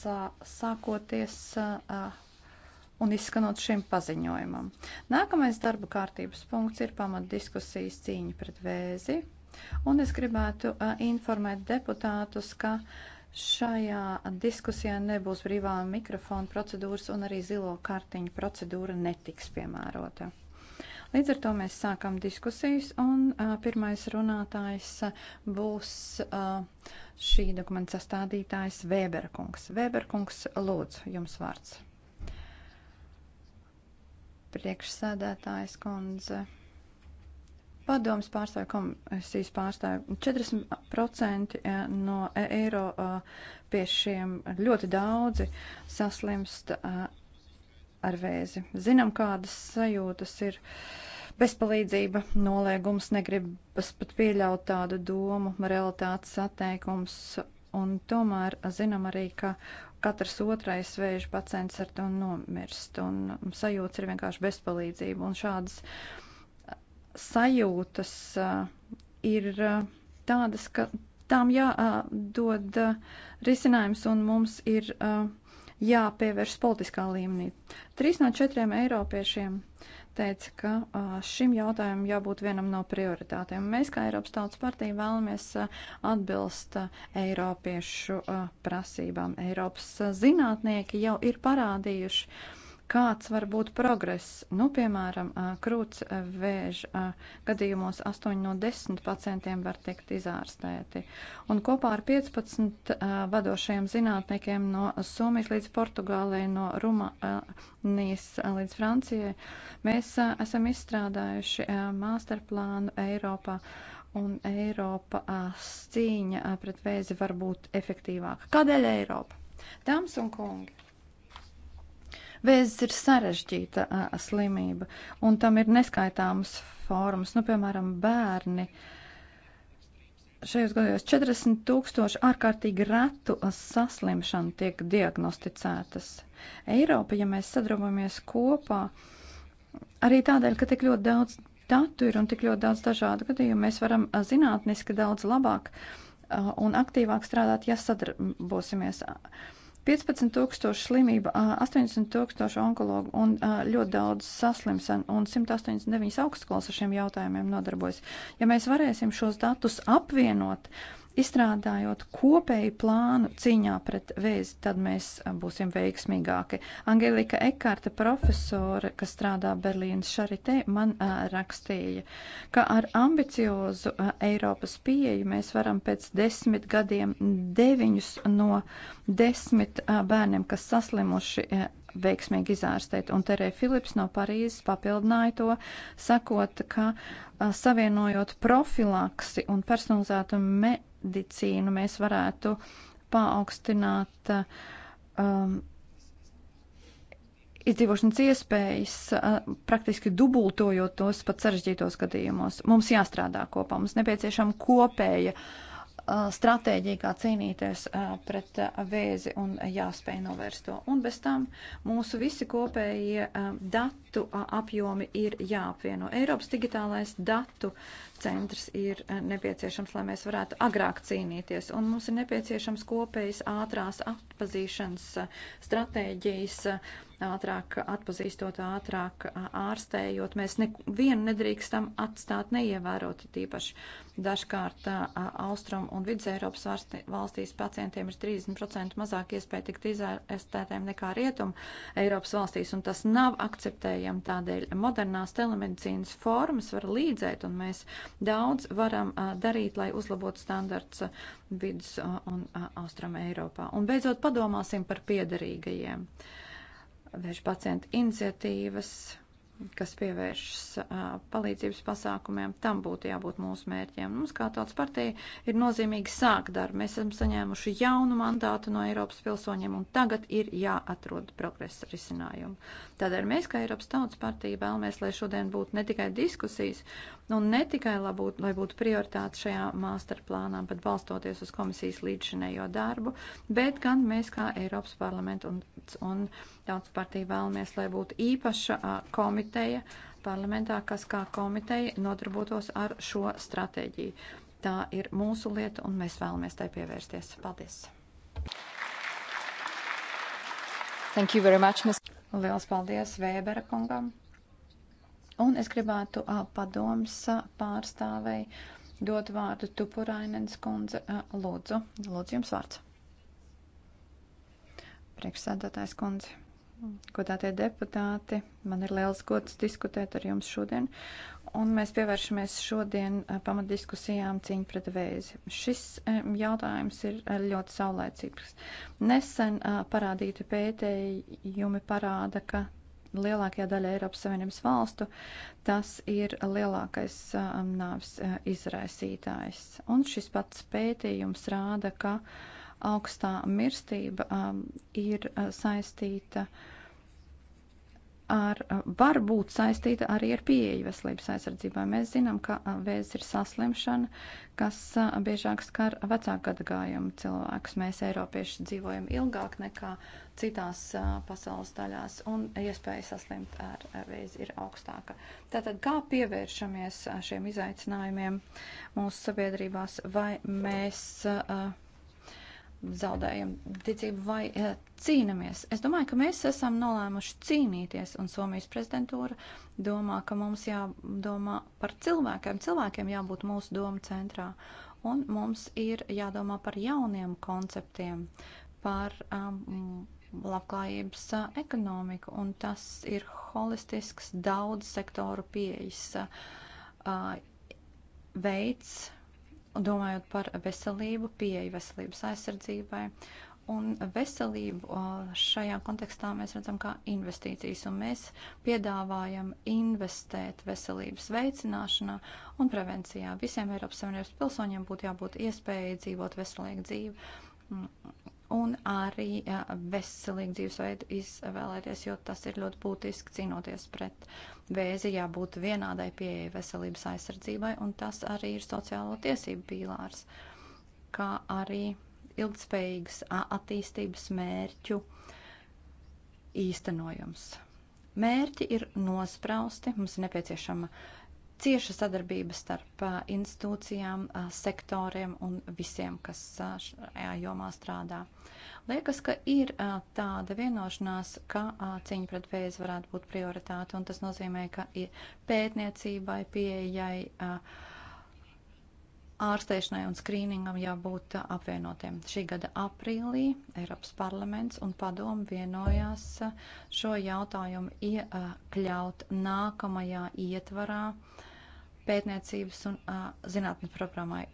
sākoties un izskanot šim paziņojumam. Nākamais darba kārtības punkts ir pamatdiskusijas cīņa pret vēzi, un es gribētu informēt deputātus, ka šajā diskusijā nebūs brīvā mikrofona procedūras un arī zilo kartiņu procedūra netiks piemērota. Līdz ar to mēs sākam diskusijas, un a, pirmais runātājs a, būs a, šī dokumenta sastādītājs Vēberkungs. Vēberkungs, lūdzu, jums vārds. Priekšsēdētājs kundze. Padomas pārstāvja komisijas pārstāvja 40% eh, no eiro eh, pie šiem ļoti daudzi saslimst eh, ar vēzi. Zinām, kādas sajūtas ir. Uh, bezpalīdzība, noliegums, negribas pat pieļaut tādu domu, realitātes atteikums. Un tomēr zinām arī, ka katrs otrais vēža pacients ar to nomirst, un sajūta ir vienkārši bezpalīdzība. Un šādas sajūtas uh, ir uh, tādas, ka tām jādod uh, risinājums, un mums ir uh, jāpievērš politiskā līmenī. Trīs no četriem eiropiešiem uh, teica, ka šim jautājumam jābūt vienam no prioritātiem. Mēs, kā Eiropas Tautas partija, vēlamies atbilst Eiropiešu prasībām. Eiropas zinātnieki jau ir parādījuši, kāds var būt progress. Nu, piemēram, krūts vēža gadījumos 8 no 10 pacientiem var tikt izārstēti. Un kopā ar 15 vadošajiem zinātniekiem no Somijas līdz Portugālei, no Rumānijas līdz Francijai mēs esam izstrādājuši masterplānu Eiropā. Un Eiropa cīņa pret vēzi var būt efektīvāka. Kādēļ Eiropa? Dāmas un kungi! Vēzis ir sarežģīta a, slimība, un tam ir neskaitāmas formas, nu, piemēram, bērni. Šajos gados 40 tūkstoši ārkārtīgi retu saslimšanu tiek diagnosticētas. Eiropa, ja mēs sadarbojamies kopā, arī tādēļ, ka tik ļoti daudz datu ir un tik ļoti daudz dažādu gadījumu, mēs varam zinātniski daudz labāk un aktīvāk strādāt, ja sadarbosimies. 15,000 slimība, 80,000 onkologu un ļoti daudz saslimšanu un 189 augstskolas ar šiem jautājumiem nodarbojas. Ja mēs varēsim šos datus apvienot, uh, Izstrādājot kopēju plānu cīņā pret vēzi, tad mēs būsim veiksmīgāki. Angelika Ekārta, profesore, kas strādā Berlīnas Šaritē, man uh, rakstīja, ka ar ambiciozu uh, Eiropas pieeju mēs varam pēc desmit gadiem deviņus no desmit uh, bērniem, kas saslimuši uh, veiksmīgi izārstēt. Un Terē Filips no Parīzes papildināja to, sakot, ka savienojot profilaksi un personalizētu medicīnu, mēs varētu paaugstināt um, izdzīvošanas iespējas, uh, praktiski dubultojot tos pat sarežģītos gadījumos. Mums jāstrādā kopā, mums nepieciešama kopēja uh, stratēģija, kā cīnīties pret vēzi un jāspēj novērst to. Un bez tam mūsu visi kopējie dati datu apjomi ir jāapvieno. Eiropas digitālais datu centrs ir nepieciešams, lai mēs varētu agrāk cīnīties, un mums ir nepieciešams kopējas ātrās atpazīšanas stratēģijas, ātrāk atpazīstot, ātrāk ārstējot. Mēs nevienu nedrīkstam atstāt neievērot, tīpaši dažkārt Austrum un Vidz Eiropas valstīs pacientiem ir 30% mazāk iespēja tikt izārstētiem nekā Rietum Eiropas valstīs, un tas nav akceptējams pieejama. Tādēļ modernās telemedicīnas formas var līdzēt, un mēs daudz varam darīt, lai uzlabotu standarts vidus un austram Eiropā. Un beidzot padomāsim par piederīgajiem. Vēža pacienta iniciatīvas kas pievēršas palīdzības pasākumiem, tam būtu jābūt mūsu mērķiem. Mums kā tautas partija ir nozīmīgi sākt darbu. Mēs esam saņēmuši jaunu mandātu no Eiropas pilsoņiem un tagad ir jāatrod progresa risinājumu. Tādēļ mēs kā Eiropas tautas partija vēlamies, lai šodien būtu ne tikai diskusijas, Nu, un ne tikai, lai būtu, lai būtu prioritāte šajā masterplānā, bet balstoties uz komisijas līdzšinējo darbu, bet gan mēs kā Eiropas parlamentu un, un tautas partija vēlamies, lai būtu īpaša a, komiteja parlamentā, kas kā komiteja nodarbotos ar šo stratēģiju. Tā ir mūsu lieta un mēs vēlamies tai pievērsties. Paldies! Thank you very much, Ms. Liels paldies Vēbera kungam! Un es gribētu padoms pārstāvei dot vārdu Tupurainens kundze. Lūdzu, lūdzu jums vārds. Priekšsēdētājs kundze, godātie deputāti, man ir liels gods diskutēt ar jums šodien. Un mēs pievēršamies šodien pamatdiskusijām cīņa pret vēzi. Šis jautājums ir ļoti saulēcīgs. Nesen parādīti pētējumi parāda, ka lielākajā daļā Eiropas Savienības valstu tas ir lielākais um, nāves uh, izraisītājs. Un šis pats pētījums rāda, ka augstā mirstība um, ir uh, saistīta ar ar, eh, var būt saistīta arī ar pieeju veselības aizsardzībai. Mēs zinām, ka eh, vēzis ir saslimšana, kas eh, biežāk skar vecāku gadagājumu cilvēkus. Mēs, Eiropieši, dzīvojam ilgāk nekā citās pasaules daļās, un iespēja saslimt ar vēzi ir augstāka. Tātad, kā pievēršamies šiem izaicinājumiem mūsu sabiedrībās, vai mēs. Uh, zaudējam ticību vai e, cīnamies. Es domāju, ka mēs esam nolēmuši cīnīties, un Somijas prezidentūra domā, ka mums jādomā par cilvēkiem. Cilvēkiem jābūt mūsu doma centrā, un mums ir jādomā par jauniem konceptiem, par um, labklājības uh, ekonomiku, un tas ir holistisks, daudz sektoru pieejas uh, veids domājot par veselību, pieeju veselības aizsardzībai. Un veselību šajā kontekstā mēs redzam kā investīcijas, un mēs piedāvājam investēt veselības veicināšanā un prevencijā. Visiem Eiropas Savienības pilsoņiem būtu jābūt iespējai dzīvot veselīgu dzīvi un arī veselīgu dzīvesveidu izvēlēties, jo tas ir ļoti būtiski cīnoties pret vēzi, jābūt vienādai pieeja veselības aizsardzībai, un tas arī ir sociālo tiesību pīlārs, kā arī ilgspējīgas attīstības mērķu īstenojums. Mērķi ir nosprausti, mums ir nepieciešama uh, cieša sadarbība starp institūcijām, sektoriem un visiem, kas šajā jomā strādā. Liekas, ka ir tāda vienošanās, ka cīņa pret vēzi varētu būt prioritāte, un tas nozīmē, ka ir pētniecībai, pieejai, ārstēšanai un skrīningam jābūt apvienotiem. Šī gada aprīlī Eiropas parlaments un padomu vienojās šo jautājumu iekļaut nākamajā ietvarā uh, pētniecības un uh, zinātnes programmai.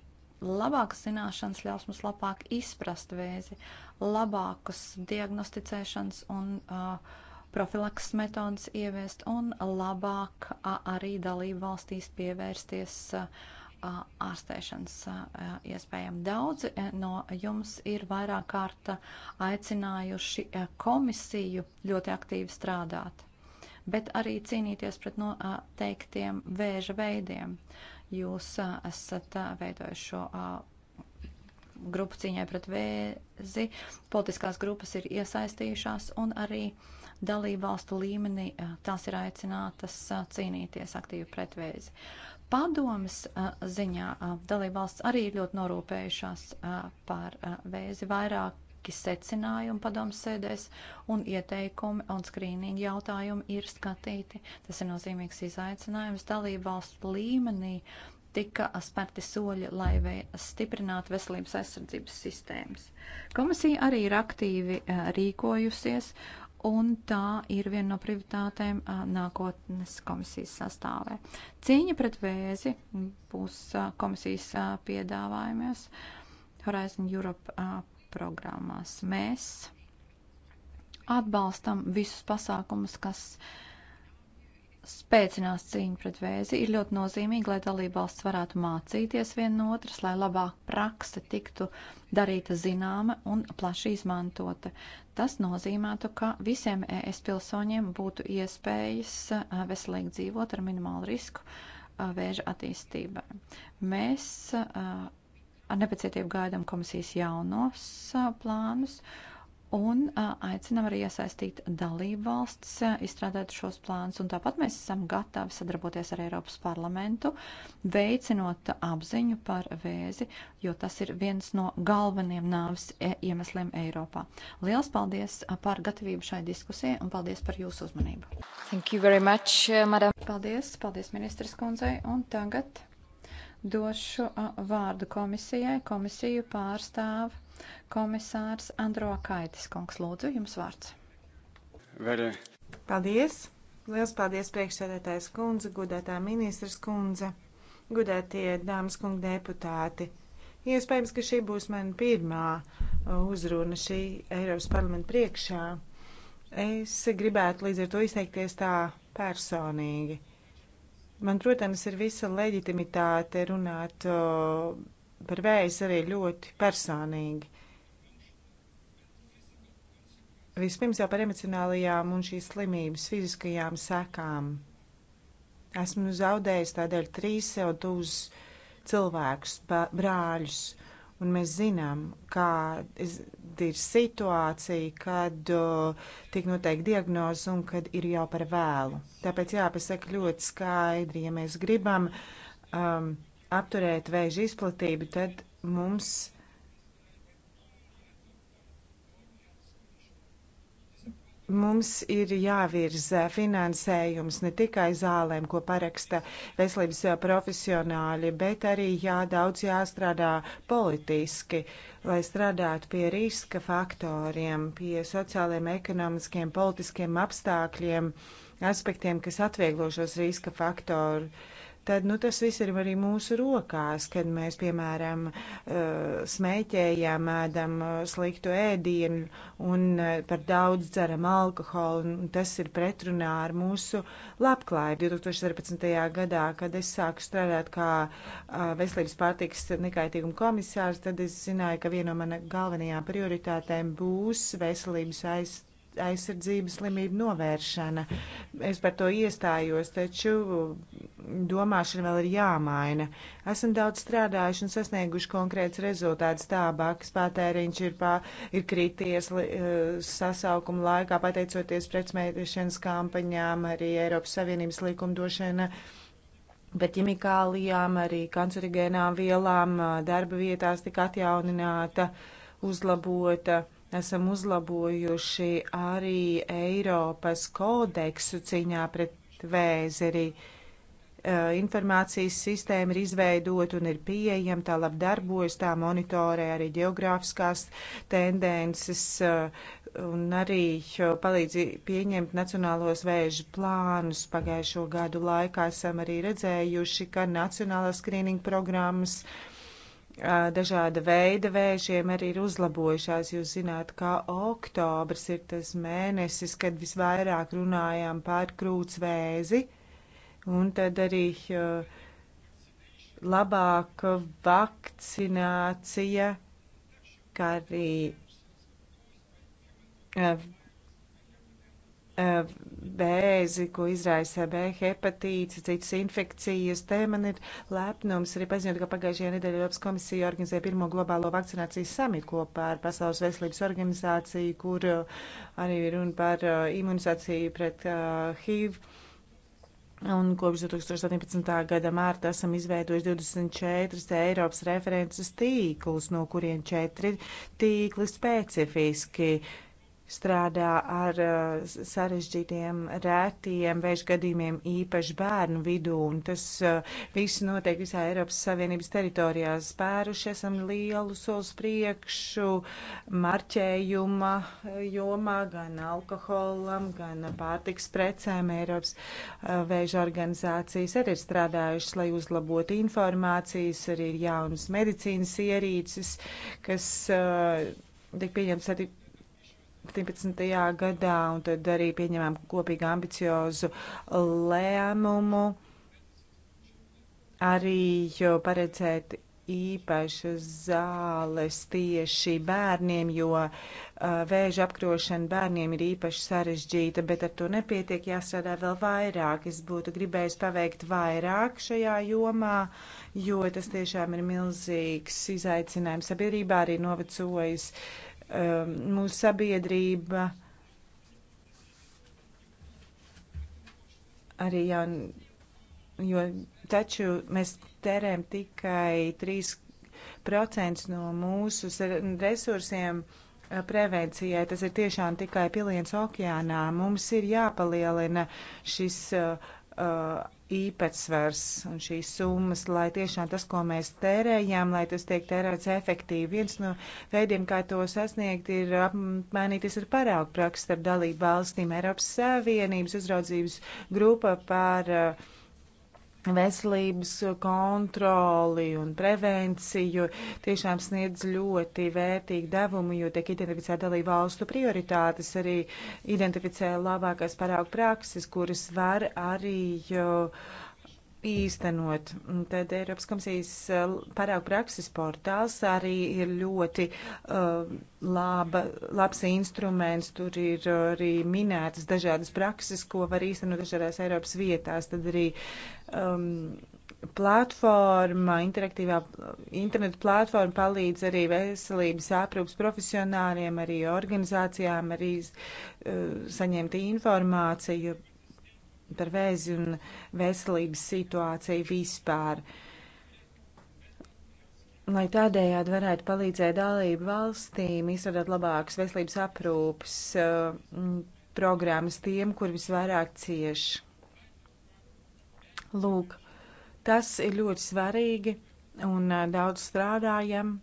Labākas zināšanas ļaus mums labāk izprast vēzi, labākus diagnosticēšanas un uh, profilaks metodas ieviest un labāk uh, arī dalību valstīs pievērsties uh, ārstēšanas iespējām. Daudzi no jums ir vairāk kārta aicinājuši komisiju ļoti aktīvi strādāt bet arī cīnīties pret noteiktiem vēža veidiem. Jūs esat veidojuši šo grupu cīņai pret vēzi, politiskās grupas ir iesaistījušās un arī dalību valstu līmenī tās ir aicinātas cīnīties aktīvi pret vēzi. Padomas ziņā dalību valsts arī ir ļoti norūpējušās par vēzi vairāk būtiski secinājumi padomas sēdēs un ieteikumi un skrīningi jautājumi ir skatīti. Tas ir nozīmīgs izaicinājums dalību valstu līmenī tika spērti soļi, lai stiprinātu veselības aizsardzības sistēmas. Komisija arī ir aktīvi eh, rīkojusies, un tā ir viena no prioritātēm eh, nākotnes komisijas sastāvē. Cīņa pret vēzi būs eh, komisijas piedāvājumies Horizon Europe programmās. Mēs atbalstam visus pasākumus, kas spēcinās cīņu pret vēzi. Ir ļoti nozīmīgi, lai dalībvalsts varētu mācīties viena no otras, lai labāk prakse tiktu darīta zināma un plaši izmantota. Tas nozīmētu, ka visiem ES pilsoņiem būtu iespējas veselīgi dzīvot ar minimālu risku vēža attīstībai. Mēs uh, ar nepacietību gaidām komisijas jaunos plānus un aicinām arī iesaistīt dalību valsts, izstrādāt šos plānus. Un tāpat mēs esam gatavi sadarboties ar Eiropas parlamentu, veicinot apziņu par vēzi, jo tas ir viens no galveniem nāves e, iemesliem Eiropā. Lielas paldies par gatavību šai diskusijai un paldies par jūsu uzmanību. Thank you very much, uh, madam. Paldies, paldies ministras kundzei. Un tagad Došu vārdu komisijai. Komisiju pārstāv komisārs Andro Kaitis. Kungs, lūdzu, jums vārds. Vere. Paldies! Liels paldies priekšsēdētājs kundze, gudētā ministrs kundze, gudētie dāmas kungi deputāti. Iespējams, ka šī būs mana pirmā uzruna šī Eiropas parlamenta priekšā. Es gribētu līdz ar to izteikties tā personīgi. Man, protams, ir visa leģitimitāte runāt o, par vējas arī ļoti personīgi. Vispirms jau par emocionālajām un šīs slimības fiziskajām sekām. Esmu zaudējis tādēļ trīs sev tuvus cilvēkus, brāļus. Uh, Un mēs zinām, kāda ir situācija, kad uh, tiek noteikti diagnoze un kad ir jau par vēlu. Tāpēc jāpasaka ļoti skaidri, ja mēs gribam um, apturēt vēža izplatību, tad mums Mums ir jāvirza finansējums ne tikai zālēm, ko paraksta veselības profesionāļi, bet arī jādaudz jāstrādā politiski, lai strādātu pie riska faktoriem, pie sociāliem, ekonomiskiem, politiskiem apstākļiem, aspektiem, kas atvieglo šos riska faktorus tad nu, tas viss ir arī mūsu rokās, kad mēs, piemēram, eh, smēķējam, ēdam eh, sliktu ēdienu un eh, par daudz dzeram alkoholu. Tas ir pretrunā ar mūsu labklājību. 2014. gadā, kad es sāku strādāt kā veselības pārtiks nekaitīguma komisārs, tad es zināju, ka viena no mana galvenajām prioritātēm būs veselības aizstāvība aizsardzība, slimību novēršana. Es par to iestājos, taču domāšana vēl ir jāmaina. Esam daudz strādājuši un sasnieguši konkrēts rezultāts. Tābākas patēriņš ir, pā, ir krities eh, sasaukuma laikā, pateicoties pretsmētiešanas kampaņām, arī Eiropas Savienības likumdošana bet ķimikālijām, arī kancerigēnām vielām eh, darba vietās tika atjaunināta, uzlabota. Esam uzlabojuši arī Eiropas kodeksu cīņā pret vēzeri. Informācijas sistēma ir izveidota un ir pieejama, tā labi darbojas, tā monitorē arī geogrāfiskās tendences un arī palīdz pieņemt nacionālos vēža plānus. Pagājušo gadu laikā esam arī redzējuši, ka nacionālās skrīninga programmas uh, dažāda veida vēžiem arī ir uzlabojušās. Jūs zināt, kā oktobrs ir tas mēnesis, kad visvairāk runājām par krūtsvēzi, un tad arī labāka vakcinācija, kā arī vēzi, ko izraisa B hepatīts, citas infekcijas. Te man ir lepnums arī paziņot, ka pagājušajā nedēļā Eiropas komisija organizēja pirmo globālo vakcinācijas samitu kopā ar Pasaules veselības organizāciju, kur uh, arī ir runa par uh, imunizāciju pret uh, HIV. Un kopš 2017. gada mārta esam izveidojuši 24 Eiropas references tīklus, no kuriem 4 tīkli specifiski uh, strādā ar uh, sarežģītiem, rētiem vēža gadījumiem, īpaši bērnu vidū, un tas uh, viss notiek visā Eiropas Savienības teritorijā. Spēruši esam lielu solis priekšu marķējuma eh, jomā, gan alkoholam, gan pārtiks precēm. Eiropas uh, vēža organizācijas arī ir strādājušas, lai uzlabotu informācijas, arī ir jaunas medicīnas ierīces, kas uh, tiek pieņemts arī 17. gadā, un tad arī pieņemām kopīgi ambiciozu lēmumu arī paredzēt īpašas zāles tieši bērniem, jo uh, vēža apkrošana bērniem ir īpaši sarežģīta, bet ar to nepietiek jāstrādā vēl vairāk. Es būtu gribējis paveikt vairāk šajā jomā, jo tas tiešām ir milzīgs izaicinājums sabiedrībā, arī novecojis uh, Um, mūsu sabiedrība arī jau, jo taču mēs tērēm tikai 3% no mūsu resursiem uh, prevencijai. Tas ir tiešām tikai piliens okeānā. Mums ir jāpalielina šis uh, Uh, īpatsvars un šīs summas, lai tiešām tas, ko mēs tērējam, lai tas tiek tērēts efektīvi. Viens no veidiem, kā to sasniegt, ir apmainīties ar paraugu praksi starp dalību valstīm. Eiropas Savienības uzraudzības grupa par uh, veselības kontroli un prevenciju tiešām sniedz ļoti vērtīgu devumu, jo tiek identificēta dalību valstu prioritātes, arī identificē labākās paraugu prakses, kuras var arī uh, īstenot. Tad Eiropas komisijas uh, parāgu prakses portāls arī ir ļoti uh, laba, labs instruments. Tur ir arī minētas dažādas prakses, ko var īstenot dažādās Eiropas vietās. Tad arī um, platforma, interaktīvā interneta platforma palīdz arī veselības aprūpas profesionāriem, arī organizācijām arī uh, saņemt informāciju par vēzi un veselības situāciju vispār. Lai tādējādi varētu palīdzēt dalību valstīm, izstrādāt labākas veselības aprūpas uh, programmas tiem, kur visvairāk cieši. Lūk, tas ir ļoti svarīgi un uh, daudz strādājam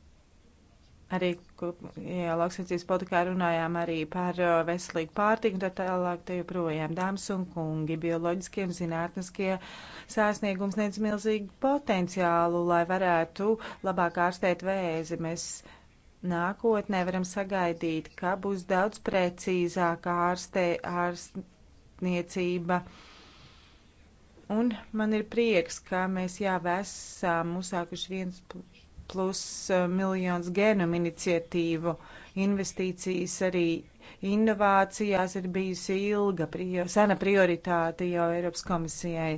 Arī lauksaimniecības politikā runājām arī par uh, veselīgu pārtiku, tā tālāk te joprojām dāmas un kungi. Bioloģiskie un zinātniskie sāsniegums nedz milzīgu potenciālu, lai varētu labāk ārstēt vēzi. Mēs nākotnē varam sagaidīt, ka būs daudz precīzāka ārstē, ārstniecība. Un man ir prieks, ka mēs jau esam uzsākuši viens plus eh, miljons genumu iniciatīvu. Investīcijas arī inovācijās ir bijusi ilga, prior, sena prioritāte jau Eiropas komisijai.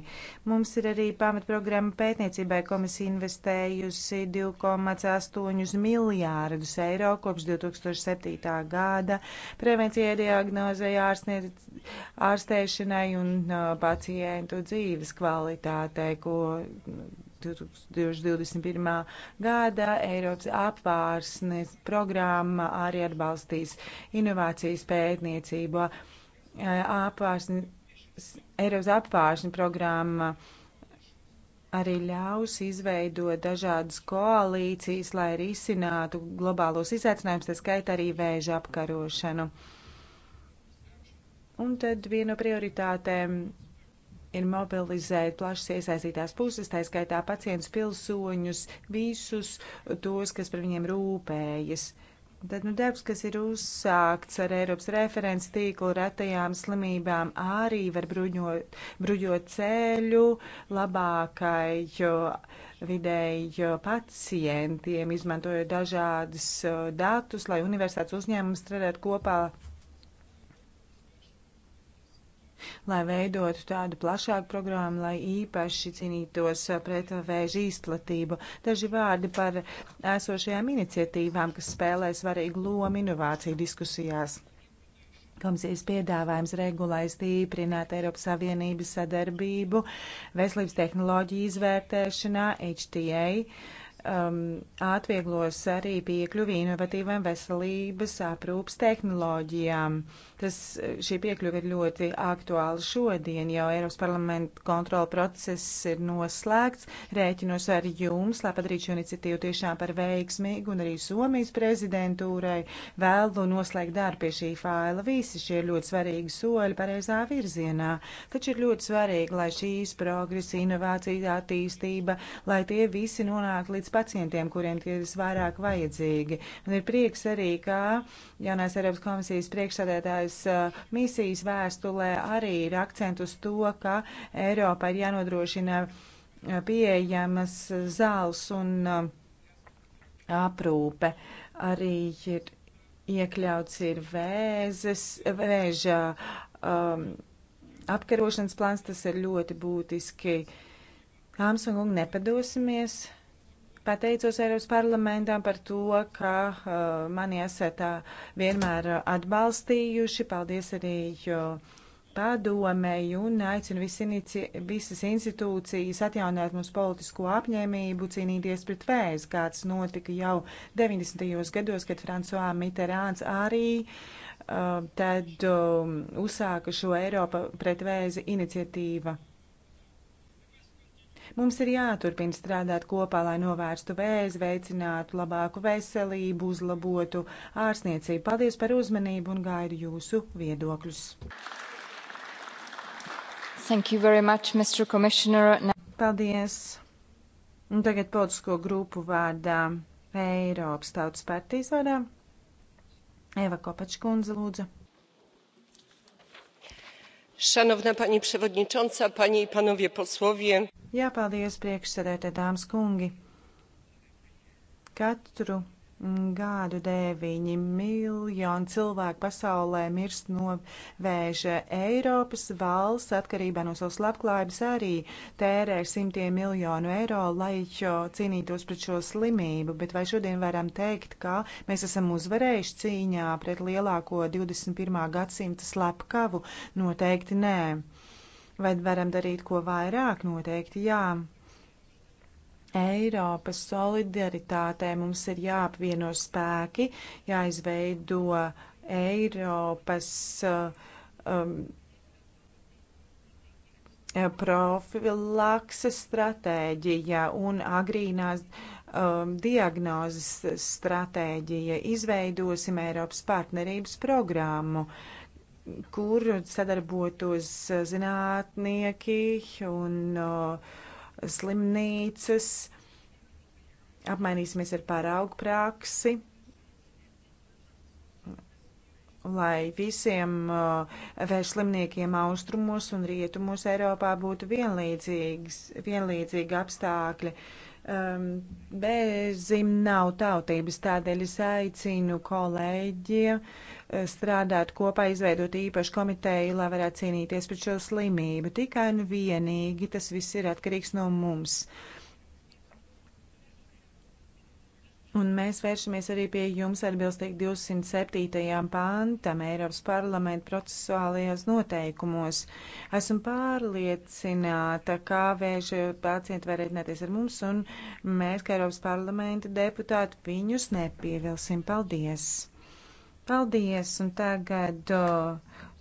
Mums ir arī pamatprogramma pētniecībai komisija investējusi 2,8 miljārdus eiro kopš 2007. gada prevencijai, diagnozei, ārstēšanai un eh, pacientu dzīves kvalitātei, ko 2021. gada Eiropas apvārsnes programma arī atbalstīs inovācijas pētniecību. Apvārsni, Eiropas apvārsni programma arī ļaus izveidot dažādas koalīcijas, lai risinātu globālos izaicinājumus, tā skaitā arī vēža apkarošanu. Un tad viena no prioritātēm ir mobilizēt plašas iesaistītās puses, tā skaitā pacientus, pilsoņus, visus tos, kas par viņiem rūpējas. Tad nu, darbs, kas ir uzsākts ar Eiropas referents tīklu retajām slimībām, arī var bruņot, bruņot ceļu labākai vidēji pacientiem, izmantojot dažādas datus, lai universitātes uzņēmums strādātu kopā lai veidotu tādu plašāku programmu, lai īpaši cīnītos uh, pret vēža izplatību. Daži vārdi par esošajām iniciatīvām, kas spēlē svarīgu lomu inovāciju diskusijās. Komisijas piedāvājums regulai stiprināt Eiropas Savienības sadarbību veselības tehnoloģiju izvērtēšanā HTA um, atvieglos arī piekļuvi inovatīvām veselības aprūpas tehnoloģijām. Tas, eh, šī piekļuva ir ļoti aktuāla šodien, jo Eiropas parlamenta kontrola process ir noslēgts. Rēķinos ar jums, lai padarītu šo iniciatīvu tiešām par veiksmīgu un arī Somijas prezidentūrai vēlu noslēgt darbu pie šī faila. Visi šie ir ļoti svarīgi soļi pareizā virzienā, taču ir ļoti svarīgi, lai šīs progresa, inovācija, attīstība, lai tie visi nonāk līdz pacientiem, kuriem tie ir visvairāk vajadzīgi. Man ir prieks arī, ka jaunais Eiropas komisijas priekšsādētājs uh, misijas vēstulē arī ir akcents uz to, ka Eiropā ir jānodrošina uh, pieejamas zāles un uh, aprūpe. Arī ir iekļauts ir vēzes, vēža um, apkarošanas plāns, tas ir ļoti būtiski. Kāms un kungi, nepadosimies. Pateicos Eiropas parlamentām par to, ka uh, mani esat uh, vienmēr atbalstījuši. Paldies arī uh, padomēju un aicinu inici, visas institūcijas atjaunot mums politisko apņēmību cīnīties pret vēzi, kāds notika jau 90. gados, kad Francois Mitterāns arī uh, tad um, uzsāka šo Eiropa pret vēzi iniciatīvu. Mums ir jāturpina strādāt kopā, lai novērstu vēzi, veicinātu labāku veselību, uzlabotu ārstniecību. Paldies par uzmanību un gaidu jūsu viedokļus. Thank you very much, Mr. Commissioner. Paldies. Un tagad politisko grupu vārdā Eiropas tautas partijas vārdā. Eva Kopačkundze lūdzu. Šanovna pani prevodničonca, pani i panovie poslovie. Jā, paldies priekšsēdētāji, dāmas kungi. Katru Gādu 9 miljonu cilvēku pasaulē mirst no vēža. Eiropas valsts atkarībā no savas labklājības arī tērē simtiem miljonu eiro, lai cīnītos pret šo slimību. Bet vai šodien varam teikt, ka mēs esam uzvarējuši cīņā pret lielāko 21. gadsimta slepkavu? Noteikti nē. Vai varam darīt ko vairāk? Noteikti jā. Eiropas solidaritātē mums ir jāapvieno spēki, jāizveido Eiropas uh, um, profilakses stratēģija un agrīnās um, diagnozes stratēģija. Izveidosim Eiropas partnerības programmu, kur sadarbotos zinātnieki un uh, slimnīcas, apmainīsimies ar pāraugu praksi, lai visiem uh, vērš slimniekiem austrumos un rietumos Eiropā būtu vienlīdzīga apstākļa um, bēzim nav tautības, tādēļ es aicinu kolēģiem uh, strādāt kopā, izveidot īpašu komiteju, lai varētu cīnīties pret šo slimību. Tikai un vienīgi tas viss ir atkarīgs no mums. Uh, Un mēs vēršamies arī pie jums atbilstīgi 207. pantam Eiropas parlamenta procesuālajos noteikumos. Esmu pārliecināta, kā vēža pacienti var rēķināties ar mums, un mēs, kā Eiropas parlamenta deputāti, viņus nepievilsim. Paldies! Paldies! Un tagad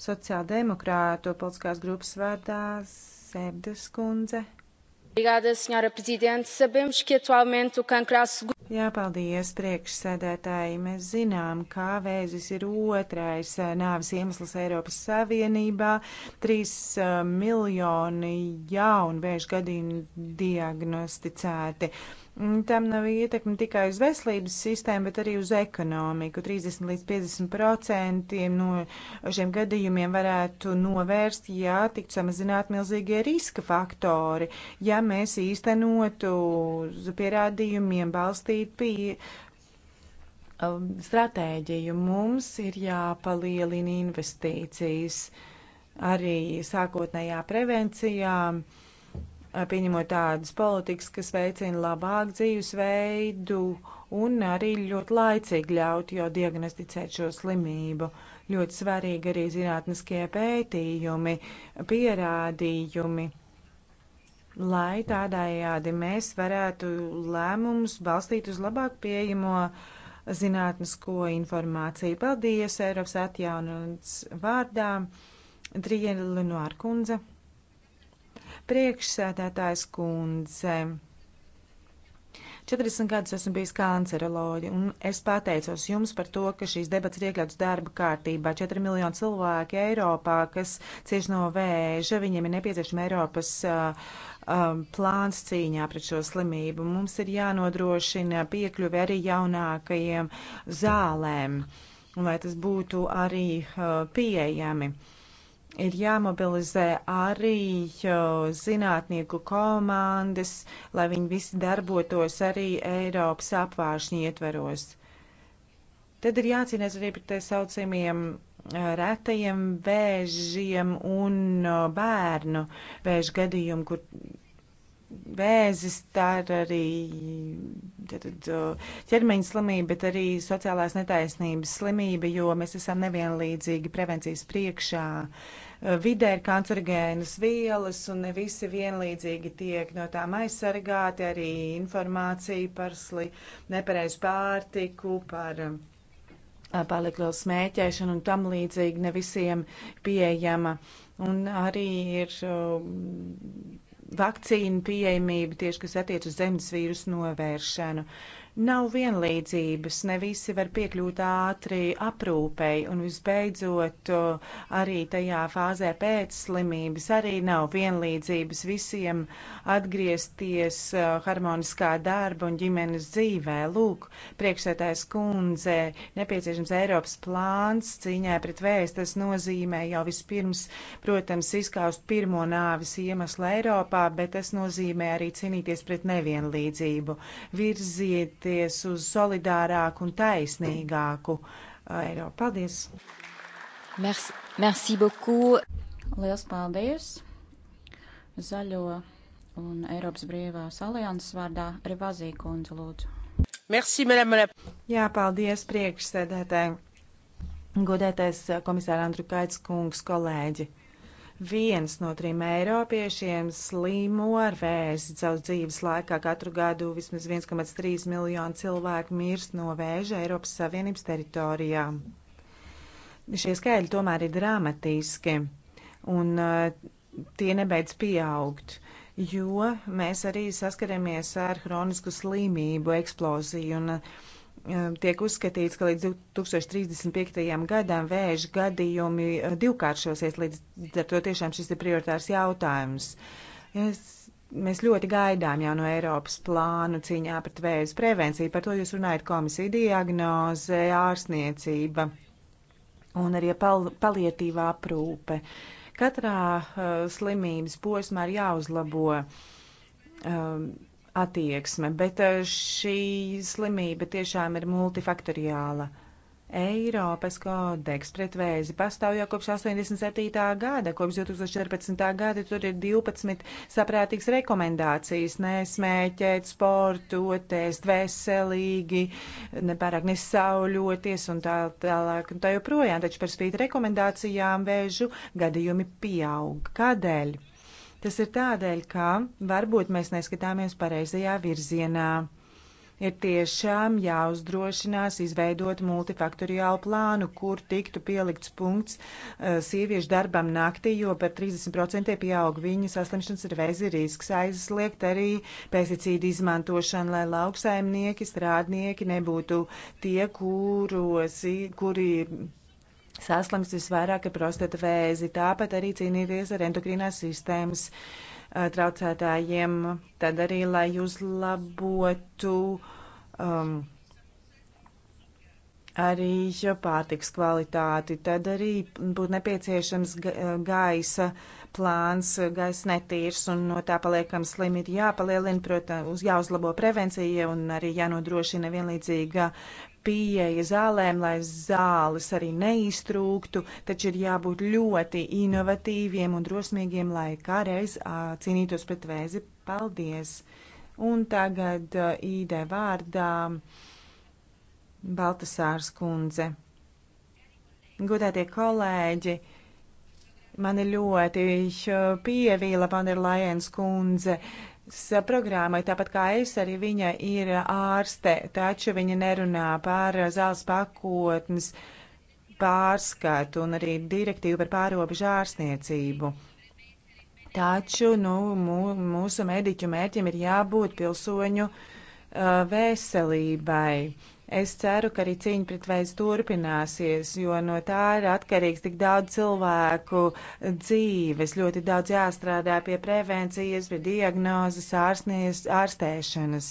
sociāldemokrātu politiskās grupas vārdā Sebdes kundze. Obrigada, senhora Presidente. Sabemos que atualmente o cancro à segunda. Jā, paldies, priekšsēdētāji. Mēs zinām, kā vēzis ir otrais nāves iemesls Eiropas Savienībā. Trīs eh, miljoni jaunu vēža gadījumu diagnosticēti. Uh, Mm, tam nav ietekme tikai uz veselības sistēmu, bet arī uz ekonomiku. 30 līdz 50 procentiem no šiem gadījumiem varētu novērst, ja tiktu samazināt milzīgie riska faktori, ja mēs īstenotu uz pierādījumiem balstīt pie um, stratēģiju. Mums ir jāpalielina investīcijas arī sākotnējā prevencijā pieņemot tādas politikas, kas veicina labāku dzīvesveidu un arī ļoti laicīgi ļaut jau diagnosticēt šo slimību. Ļoti svarīgi arī zinātniskie pētījumi, pierādījumi, lai tādējādi mēs varētu lēmumus balstīt uz labāk pieejamo zinātnisko informāciju. Paldies Eiropas atjaunotas vārdā, Triela Lenoārkundze. No Priekšsēdētājs kundze. 40 gadus esmu bijis kanceroloģi, un es pateicos jums par to, ka šīs debats ir iekļauts darba kārtībā. 4 miljoni cilvēki Eiropā, kas cieši no vēža, viņiem ir nepieciešama Eiropas uh, um, plāns cīņā pret šo slimību. Mums ir jānodrošina piekļuvi arī jaunākajiem zālēm, un lai tas būtu arī uh, pieejami. Uh, ir jāmobilizē arī zinātnieku komandas, lai viņi visi darbotos arī Eiropas apvāršņu ietveros. Tad ir jācīnās arī par tā saucamiem retajiem vēžiem un bērnu vēžu gadījumu, kur vēzis, tā ir arī tad, ķermeņa slimība, bet arī sociālās netaisnības slimība, jo mēs esam nevienlīdzīgi prevencijas priekšā. Vidē ir kancerogēnas vielas, un ne visi vienlīdzīgi tiek no tām aizsargāti, arī informācija par sli, nepareizu pārtiku, par um, paliklo smēķēšanu un tam līdzīgi ne visiem pieejama. Un arī ir um, vakcīnu pieejamību tieši, kas attiec uz zemes vīrusu novēršanu. Nav vienlīdzības, ne visi var piekļūt ātri aprūpei, un visbeidzot arī tajā fāzē pēc slimības arī nav vienlīdzības visiem atgriezties uh, harmoniskā darba un ģimenes dzīvē. Lūk, priekšsētājs kundze, nepieciešams Eiropas plāns cīņai pret vēstu, tas nozīmē jau vispirms, protams, izskaust pirmo nāvis iemeslu Eiropā, bet tas nozīmē arī cīnīties pret nevienlīdzību. Virziet virzīties uz solidārāku un taisnīgāku uh, Eiropu. Paldies! Merci, merci beaucoup! Liels paldies! Zaļo un Eiropas brīvās alianses vārdā Rivazī kundze lūdzu. Merci, madame la. Jā, paldies priekšsēdētājiem. Godētais uh, komisāra Andru Kaits kungs, kolēģi. Viens no trim eiropiešiem slimo ar vēzi savas dzīves laikā. Katru gadu vismaz 1,3 miljonu cilvēku mirst no vēža Eiropas Savienības teritorijā. Šie skaļi tomēr ir dramatiski un uh, tie nebeidz pieaugt jo mēs arī saskaramies ar hronisku slimību eksploziju. Un uh, Ehm, tiek uzskatīts, ka līdz 2035. gadam vēža gadījumi eh, divkāršosies, līdz ar to tiešām šis ir prioritārs jautājums. Es, mēs ļoti gaidām jau no Eiropas plānu cīņā pret vēža prevenciju, par to jūs runājat komisija diagnoze, ārsniecība un arī pal palietīvā aprūpe. Katrā uh, slimības posmā ir jāuzlabo. Uh, attieksme, bet eh, šī slimība tiešām ir multifaktoriāla. Eiropas kodeks pret vēzi pastāv jau kopš 87. gada, kopš 2014. gada tur ir 12 saprātīgas rekomendācijas - nesmēķēt, sportoties, veselīgi, nepārāk nesauļoties un tā tālāk un tā joprojām, taču par spīti rekomendācijām vēžu gadījumi pieaug. Kādēļ? Tas ir tādēļ, ka varbūt mēs neskatāmies pareizajā virzienā. Ir tiešām jāuzdrošinās izveidot multifaktoriālu plānu, kur tiktu pielikts punkts uh, sieviešu darbam naktī, jo par 30% pieaug viņa saslimšanas ar vēzi risks. Aizliegt arī pesticīdu izmantošanu, lai lauksaimnieki, strādnieki nebūtu tie, kuros, kuri saslims visvairāk ar prostata vēzi, tāpat arī cīnīties ar endokrīnās sistēmas traucētājiem, tad arī, lai uzlabotu um, arī pārtiks kvalitāti, tad arī būtu nepieciešams gaisa plāns, gaisa netīrs, un no tā paliekam slimi ir jāpalielina, protams, jāuzlabo prevencija un arī jānodrošina vienlīdzīga pieeja zālēm, lai zāles arī neiztrūktu, taču ir jābūt ļoti inovatīviem un drosmīgiem, lai kādreiz cīnītos pret vēzi. Paldies! Un tagad īdē vārdā. Uh, Baltasārs kundze. Godētie kolēģi, mani ļoti pievīla Vanderlajens kundze programmai, tāpat kā es, arī viņa ir ārste, taču viņa nerunā par zāles pakotnes pārskatu un arī direktīvu par pārobežu ārstniecību. Taču nu, mūsu mediķu mērķim ir jābūt pilsoņu uh, veselībai. Es ceru, ka arī cīņa pret vēzi turpināsies, jo no tā ir atkarīgs tik daudz cilvēku dzīves. Ļoti daudz jāstrādā pie prevencijas, pie diagnozes, ārsnies, ārstēšanas.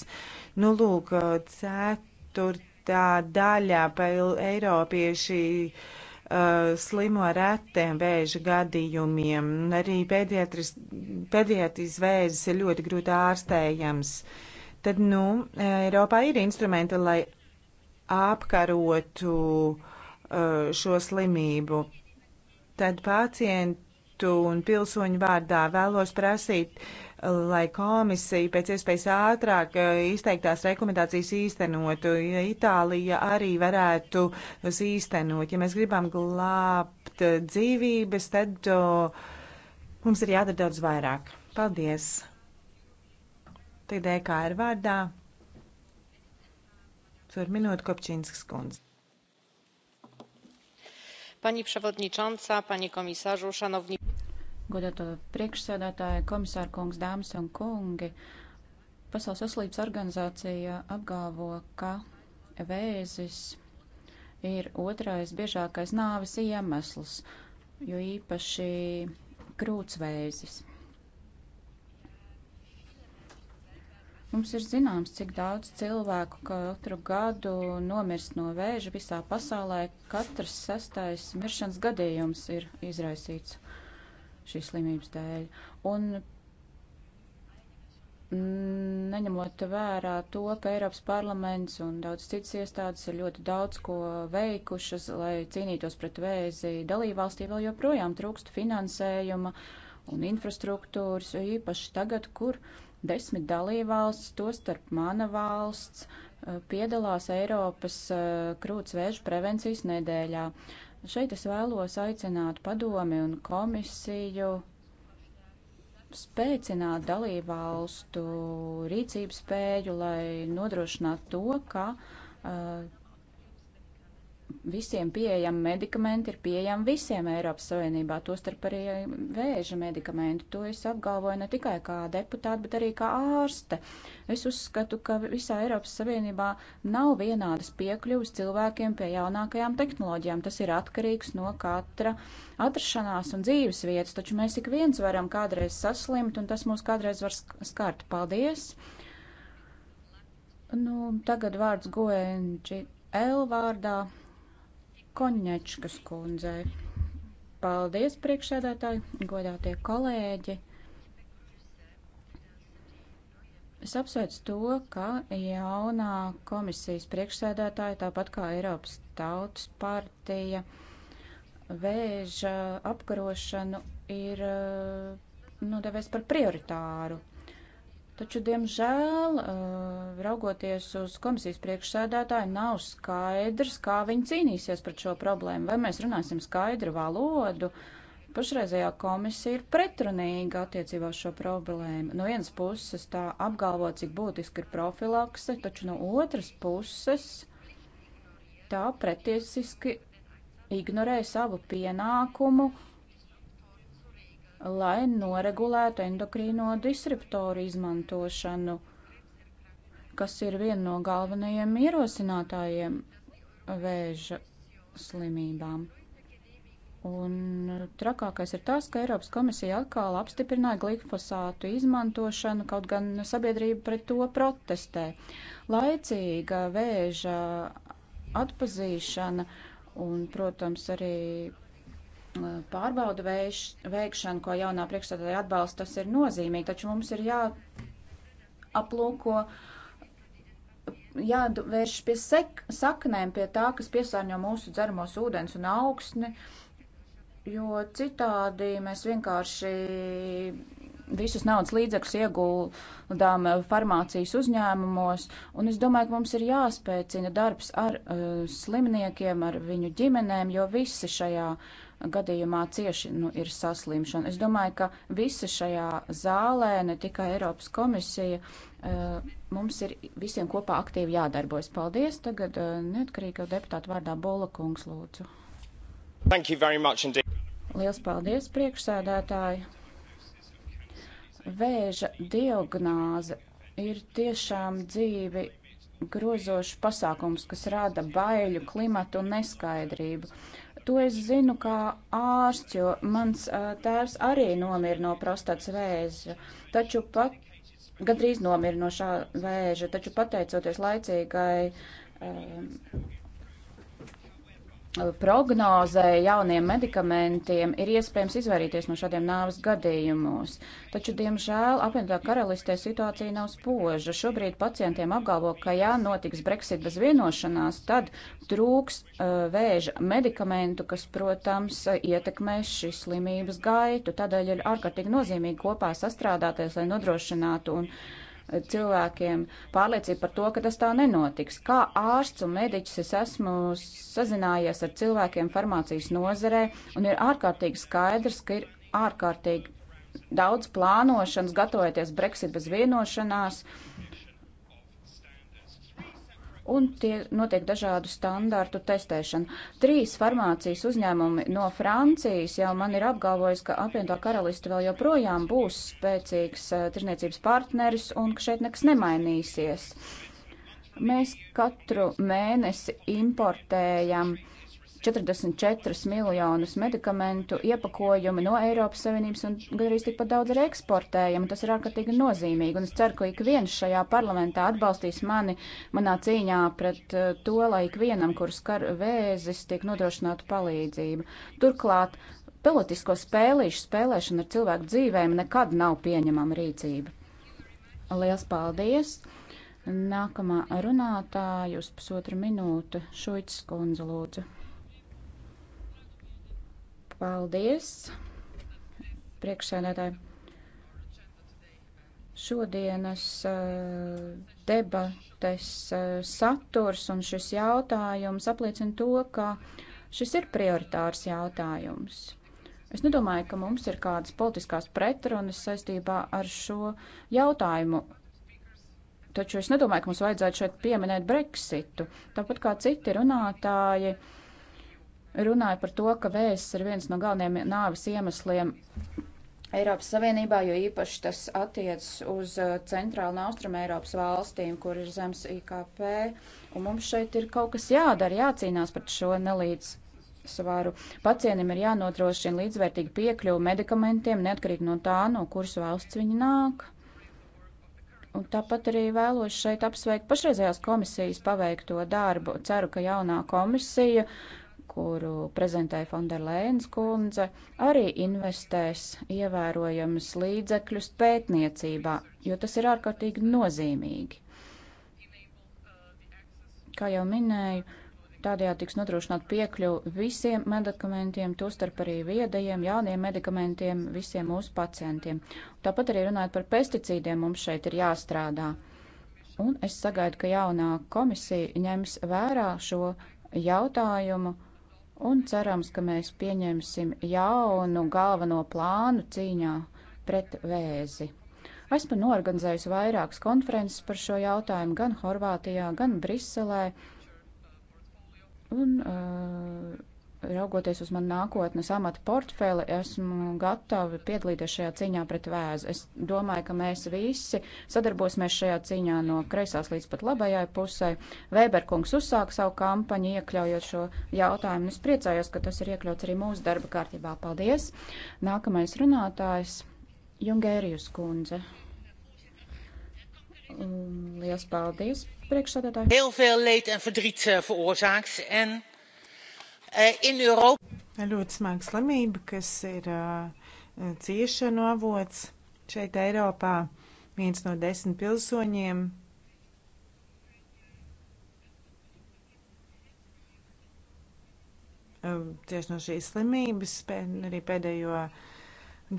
Nu, lūk, ceturtā daļā pa Eiropieši uh, slimo ar retiem vēža gadījumiem. Arī pediatris, pediatris vēzis ir ļoti grūti ārstējams. Tad, nu, Eiropā ir instrumenti, lai apkarotu uh, šo slimību. Tad pacientu un pilsoņu vārdā vēlos prasīt, lai komisija pēc iespējas ātrāk uh, izteiktās rekomendācijas īstenotu, ja Itālija arī varētu tos īstenot. Ja mēs gribam glābt uh, dzīvības, tad mums ir jādara daudz vairāk. Paldies! Tagad EKR vārdā Par minūti Kopčīnskas kundze pani przewodnicząca panie komisarzu szanowni godāto priekšsēdētāja komisāra kungs dāmas un kungi pasaules veselības organizācija apgalvo ka vēzis ir otrais biežākais nāves iemesls jo īpaši krūtsvēzis Mums ir zināms, cik daudz cilvēku katru gadu nomirst no vēža visā pasaulē. Katrs sastais miršanas gadījums ir izraisīts šīs slimības dēļ. Un neņemot vērā to, ka Eiropas parlaments un daudz citas iestādes ir ļoti daudz ko veikušas, lai cīnītos pret vēzi, dalībvalstī vēl joprojām trūkst finansējuma un infrastruktūras, īpaši tagad, kur Desmit dalībvalsts, tostarp mana valsts, eh, piedalās Eiropas eh, krūtsvēžu prevencijas nedēļā. Šeit es vēlos aicināt padomi un komisiju spēcināt dalībvalstu rīcības spēju, lai nodrošinātu to, ka uh, visiem pieejami medikamenti ir pieejami visiem Eiropas Savienībā, tostarp arī vēža medikamenti. To es apgalvoju ne tikai kā deputāta, bet arī kā ārste. Es uzskatu, ka visā Eiropas Savienībā nav vienādas piekļuvas cilvēkiem pie jaunākajām tehnoloģijām. Tas ir atkarīgs no katra atrašanās un dzīves vietas, taču mēs ik viens varam kādreiz saslimt, un tas mūs kādreiz var skart. Paldies! Nu, tagad vārds Goenči L vārdā. Koņečkas kundzei. Paldies, priekšsēdētāji, godātie kolēģi. Es apsveicu to, ka jaunā komisijas priekšsēdētāja, tāpat kā Eiropas tautas partija, vēža apkarošanu ir uh, nodevies nu, par prioritāru Taču, diemžēl, eh, raugoties uz komisijas priekšsēdētāju, nav skaidrs, kā viņi cīnīsies pret šo problēmu. Vai mēs runāsim skaidru valodu? Pašreizējā komisija ir pretrunīga attiecībā uz šo problēmu. No vienas puses tā apgalvo, cik būtiski ir profilakse, taču no otras puses tā pretiesiski ignorē savu pienākumu lai noregulētu endokrīno disruptoru izmantošanu, kas ir viena no galvenajiem ierosinātājiem vēža slimībām. Un trakākais ir tas, ka Eiropas komisija atkal apstiprināja glifosātu izmantošanu, kaut gan sabiedrība pret to protestē. Laicīga vēža atpazīšana un, protams, arī pārbaudu veiš, veikšanu, ko jaunā priekšstādāja atbalsta, tas ir nozīmīgi, taču mums ir jāaplūko, jāvērš pie sek, saknēm, pie tā, kas piesārņo mūsu dzeramos ūdens un augsni, jo citādi mēs vienkārši visus naudas līdzekļus ieguldām eh, farmācijas uzņēmumos, un es domāju, ka mums ir jāspēcina darbs ar uh, slimniekiem, ar viņu ģimenēm, jo visi šajā uh, gadījumā cieši nu, ir saslimšana. Es domāju, ka visi šajā zālē, ne tikai Eiropas komisija, eh, mums ir visiem kopā aktīvi jādarbojas. Paldies! Tagad eh, neatkarīgo deputātu vārdā Bola kungs lūdzu. Liels paldies, priekšsēdētāji! Vēža diagnāze ir tiešām dzīvi grozošs pasākums, kas rada baiļu, klimatu un neskaidrību. Uh, To es zinu kā ārsts, jo mans tēvs arī nomira no prostats vēža, taču pat gadrīz nomira no šā vēža, taču pateicoties laicīgai um, prognozē jauniem medikamentiem ir iespējams izvairīties no šādiem nāves gadījumos. Taču, diemžēl, apvienotā karalistē situācija nav spoža. Šobrīd pacientiem apgalvo, ka ja notiks Brexit bez vienošanās, tad trūks uh, vēža medikamentu, kas, protams, ietekmēs šīs slimības gaitu. Tādēļ ir ārkārtīgi nozīmīgi kopā sastrādāties, lai nodrošinātu un uh, cilvēkiem pārliecība par to, ka tas tā nenotiks. Kā ārsts un mediķis es esmu sazinājies ar cilvēkiem farmācijas nozarē un ir ārkārtīgi skaidrs, ka ir ārkārtīgi daudz plānošanas, gatavoties Brexit bez vienošanās. Uh, un tie notiek dažādu standārtu testēšana. Trīs farmācijas uzņēmumi no Francijas jau man ir apgalvojis, ka apvienotā karaliste vēl joprojām būs spēcīgs eh, tirzniecības partneris un ka šeit nekas nemainīsies. Mēs katru mēnesi importējam uh, 44 miljonus medikamentu iepakojumi no Eiropas Savienības un gandrīz tikpat daudz ir eksportējami. Tas ir ārkārtīgi nozīmīgi, un es ceru, ka ik viens šajā parlamentā atbalstīs mani manā cīņā pret eh, to, lai ik vienam, kurus kar vēzis, tiek nodrošināta palīdzība. Turklāt politisko spēlīšu spēlēšana ar cilvēku dzīvēm nekad nav pieņemama rīcība. Liels paldies! Nākamā runātāja uz pusotru minūtu Šuits Konza lūdzu. Paldies, priekšsēdētāji. Šodienas eh, debates eh, saturs un šis jautājums apliecina to, ka šis ir prioritārs jautājums. Es nedomāju, ka mums ir kādas politiskās pretrunas saistībā ar šo jautājumu. Taču es nedomāju, ka mums vajadzētu šeit pieminēt Brexitu. Tāpat kā citi runātāji. Uh, runāja par to, ka vēsts ir viens no galvenajiem nāvis iemesliem Eiropas Savienībā, jo īpaši tas attiec uz uh, centrālu un austrumu Eiropas valstīm, kur ir zems IKP, un mums šeit ir kaut kas jādara, jācīnās pret šo nelīdz. Svaru. Pacientam ir jānodrošina līdzvērtīga piekļuva medikamentiem, neatkarīgi no tā, no kuras valsts viņi nāk. Un tāpat arī vēlos šeit apsveikt pašreizējās komisijas paveikto darbu. Ceru, ka jaunā komisija uh, kuru prezentēja Fonderlēnas kundze, arī investēs ievērojamas līdzekļus pētniecībā, jo tas ir ārkārtīgi nozīmīgi. Kā jau minēju, tādējādi tiks nodrošināt piekļuvu visiem medikamentiem, tostarp arī viedajiem, jauniem medikamentiem, visiem mūsu pacientiem. Tāpat arī runājot par pesticīdiem, mums šeit ir jāstrādā. Un es sagaidu, ka jaunā komisija ņems vērā šo jautājumu un cerams, ka mēs pieņemsim jaunu galveno plānu cīņā pret vēzi. Esmu norganizējusi vairākas konferences par šo jautājumu gan Horvātijā, gan Briselē. Un, uh, raugoties uz manu nākotnes amata portfeli, esmu gatavi piedalīties šajā cīņā pret vēzi. Es domāju, ka mēs visi sadarbosimies šajā cīņā no kreisās līdz pat labajai pusē. Vēberkungs uzsāk savu kampaņu, iekļaujot šo jautājumu, un es priecājos, ka tas ir iekļauts arī mūsu darba kārtībā. Paldies! Nākamais runātājs - Jungērijus kundze. Liels paldies, priekšsādātāji! Heel veel leed en verdriet eh, veroorzaakt en Eh, in Europa. Ļoti smaga slimība, kas ir uh, eh, ciešanu avots šeit Eiropā. Viens no desmit pilsoņiem tieši eh, no šīs slimības, arī pēdējo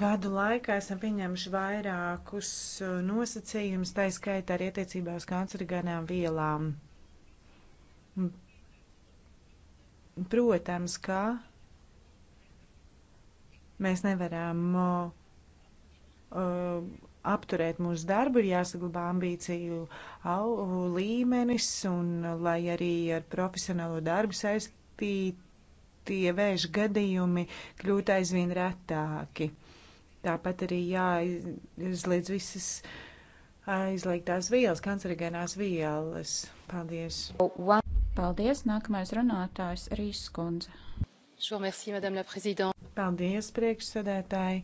gadu laikā esam pieņēmuši vairākus nosacījumus, tā skaitā arī attiecībā uz kancerigānām vielām. Protams, ka mēs nevaram uh, apturēt mūsu darbu, ir jāsaglabā ambīciju au, līmenis un lai arī ar profesionālo darbu saistītie vēža gadījumi kļūtu aizvien retāki. Tāpat arī jāizliedz visas aizliegtās vielas, kancerigēnās vielas. Paldies! Paldies, nākamais runātājs Rīs Skundze. Paldies, priekšsēdētāji.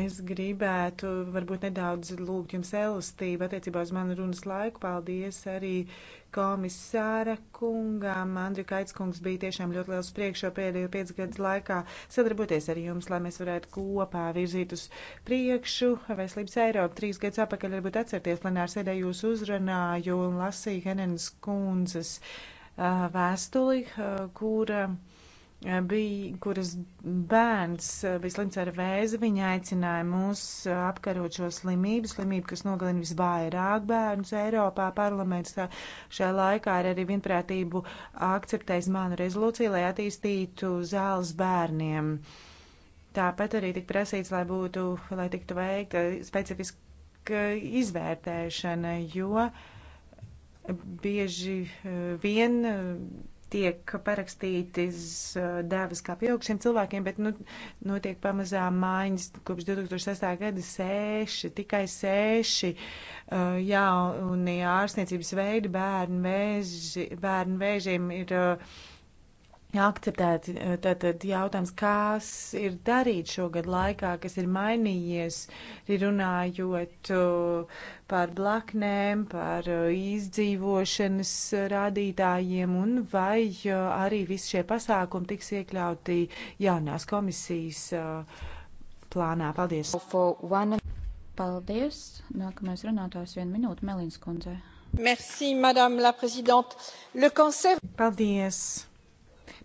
Es gribētu varbūt nedaudz lūgt jums elastību attiecībā uz manu runas laiku. Paldies arī komisāra kungām. Andri Kaitskungs bija tiešām ļoti liels priekšā pēdējo piecu gadu laikā sadarboties ar jums, lai mēs varētu kopā virzīt uz priekšu veselības Eiropu. Trīs gadus apakaļ varbūt atcerties, plenārs sēdējos uzrunāju un lasīju Henenas kundzes. Uh, vēstuli, kura bija, kuras bērns bija slims ar vēzi, viņa aicināja mūs apkarot šo slimību, slimību, kas nogalina visvairāk bērnus Eiropā. Parlaments šajā laikā ir arī vienprātību akceptējis manu rezolūciju, lai attīstītu zāles bērniem. Tāpat arī tika prasīts, lai būtu, lai tiktu veikta specifiska izvērtēšana, jo uh, bieži eh, vien eh, tiek parakstītas eh, devas kā pieaugšiem cilvēkiem, bet nu, notiek pamazām mājas kopš 2006. gada seši, tikai seši uh, jaunie ārstniecības veidi bērnu, vēži, bērnu vēžiem ir. Uh, akceptēti. Tātad eh, jautājums, kas ir darīts šogad laikā, kas ir mainījies, runājot eh, par blaknēm, par eh, izdzīvošanas rādītājiem, un vai arī visi šie pasākumi tiks iekļauti jaunās komisijas plānā. Paldies! Paldies! Nākamais runātājs vienu minūtu Melīnas kundzei. Merci, Madame la Présidente. Le cancer. Paldies!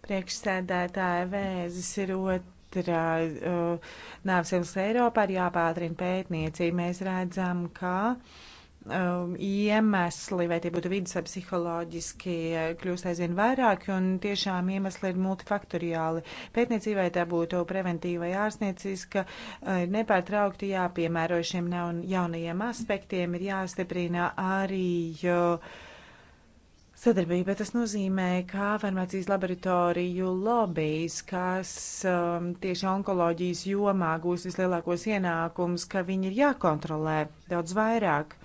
Priekšsēdētāja vēzis ir otrā uh, nāvsiems Eiropā, ir jāpātrina pētniecība. Mēs redzam, ka um, iemesli, vai tie būtu vidus vai psiholoģiski, kļūst aizvien vairāk, un tiešām iemesli ir multifaktoriāli. Pētniecībai tā būtu preventīva ārstnieciska, ir nepārtraukti jāpiemēro šiem jaunajiem aspektiem, ir jāstiprina arī. Uh, sadarbība. Tas nozīmē, ka farmācijas laboratoriju lobbyis, kas um, tieši onkoloģijas jomā gūs vislielākos ienākums, ka viņi ir jākontrolē daudz vairāk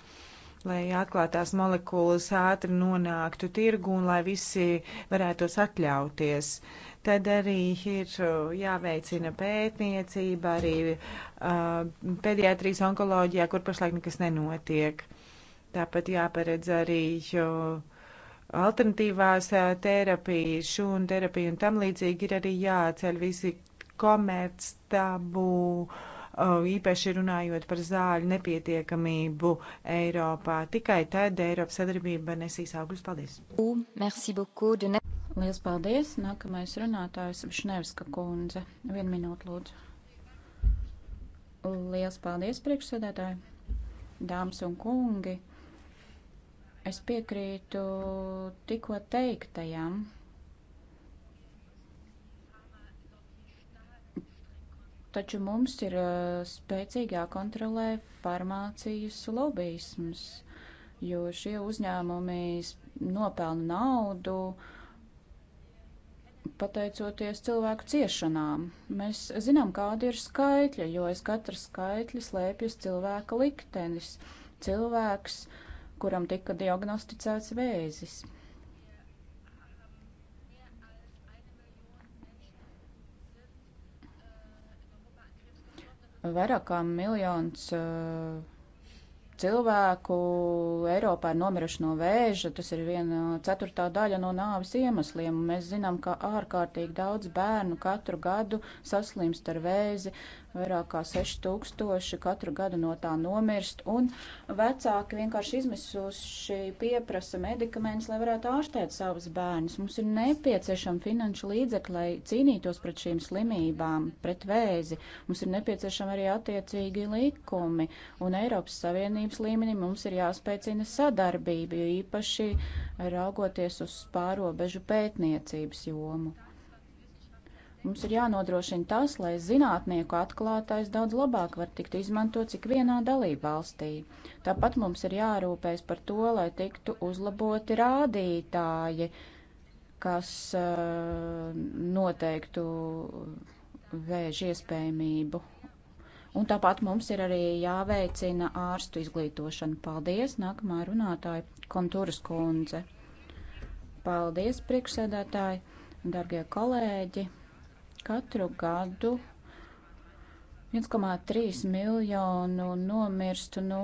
lai atklātās molekulas ātri nonāktu tirgu un lai visi varētu tos atļauties. Tad arī ir uh, jāveicina pētniecība, arī uh, pediatrijas onkoloģijā, kur pašlaik nekas nenotiek. Tāpat jāparedz arī uh, alternatīvās terapijas, šūnu terapija un tam līdzīgi ir arī jāceļ visi komerc tabu, īpaši runājot par zāļu nepietiekamību Eiropā. Tikai tad Eiropas sadarbība nesīs augļus. Paldies! Lielas paldies! Nākamais runātājs Šnevska kundze. Vienu minūtu lūdzu. Lielas paldies, priekšsēdētāji, dāmas un kungi! Es piekrītu tikko teiktajam. Taču mums ir uh, spēcīgā kontrolē farmācijas lobbyisms, jo šie uzņēmumi nopelna naudu pateicoties cilvēku ciešanām. Mēs zinām, kāda ir skaitļa, jo aiz katra skaitļa slēpjas cilvēka liktenis. Cilvēks uh, kuram tika diagnosticēts vēzis. Vairāk kā miljons uh, cilvēku Eiropā ir nomiruši no vēža. Tas ir viena ceturtā daļa no nāves iemesliem. Mēs zinām, ka ārkārtīgi daudz bērnu katru gadu saslimst ar vēzi vairāk kā 6000 katru gadu no tā nomirst, un vecāki vienkārši izmisuši pieprasa medikamentus, lai varētu ārstēt savus bērnus. Mums ir nepieciešama finanšu līdzekļa, lai cīnītos pret šīm slimībām, pret vēzi. Mums ir nepieciešama arī attiecīgi likumi, un Eiropas Savienības līmenī mums ir jāspēcina sadarbība, jo īpaši raugoties uz pārobežu pētniecības jomu. Mums ir jānodrošina tas, lai zinātnieku atklātais daudz labāk var tikt izmantots ikvienā dalība valstī. Tāpat mums ir jārūpēs par to, lai tiktu uzlaboti rādītāji, kas uh, noteiktu vēža iespējamību. Un tāpat mums ir arī jāveicina ārstu izglītošana. Paldies, nākamā runātāja Kontūras kundze. Paldies, priekšsēdētāji, darbie kolēģi! Katru gadu 1,3 miljonu nomirstu no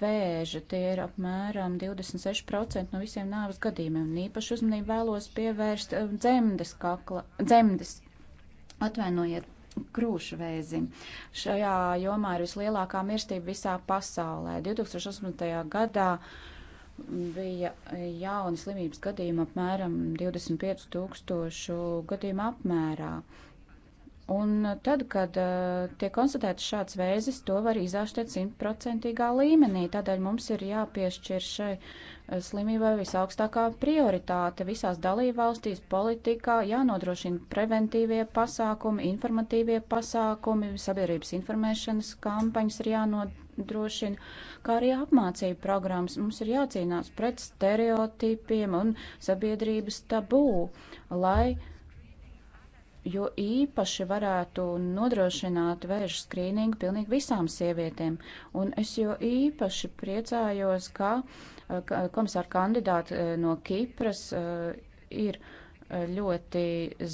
vēža. Tie ir apmēram 26% no visiem nāves gadījumiem. Un īpaši uzmanību vēlos pievērst um, dzemdes kakla, dzemdes, atvainojiet, krūšu vēzim. Šajā jomā ir vislielākā mirstība visā pasaulē. 2018. gadā bija jauni slimības gadījumi apmēram 25 tūkstošu gadījumu apmērā. Un tad, kad uh, tiek konstatēts šāds vēzis, to var izārstēt simtprocentīgā līmenī. Tādēļ mums ir jāpiešķir šai eh, slimībai visaugstākā prioritāte visās dalībvalstīs politikā, jānodrošina preventīvie pasākumi, informatīvie pasākumi, sabiedrības informēšanas kampaņas ir jānodrošina jānodrošina, kā arī apmācība programmas. Mums ir jācīnās pret stereotipiem un sabiedrības tabū, lai jo īpaši varētu nodrošināt vēža skrīningu pilnīgi visām sievietēm. Un es jo īpaši priecājos, ka komisāra kandidāti eh, no Kipras eh, ir ļoti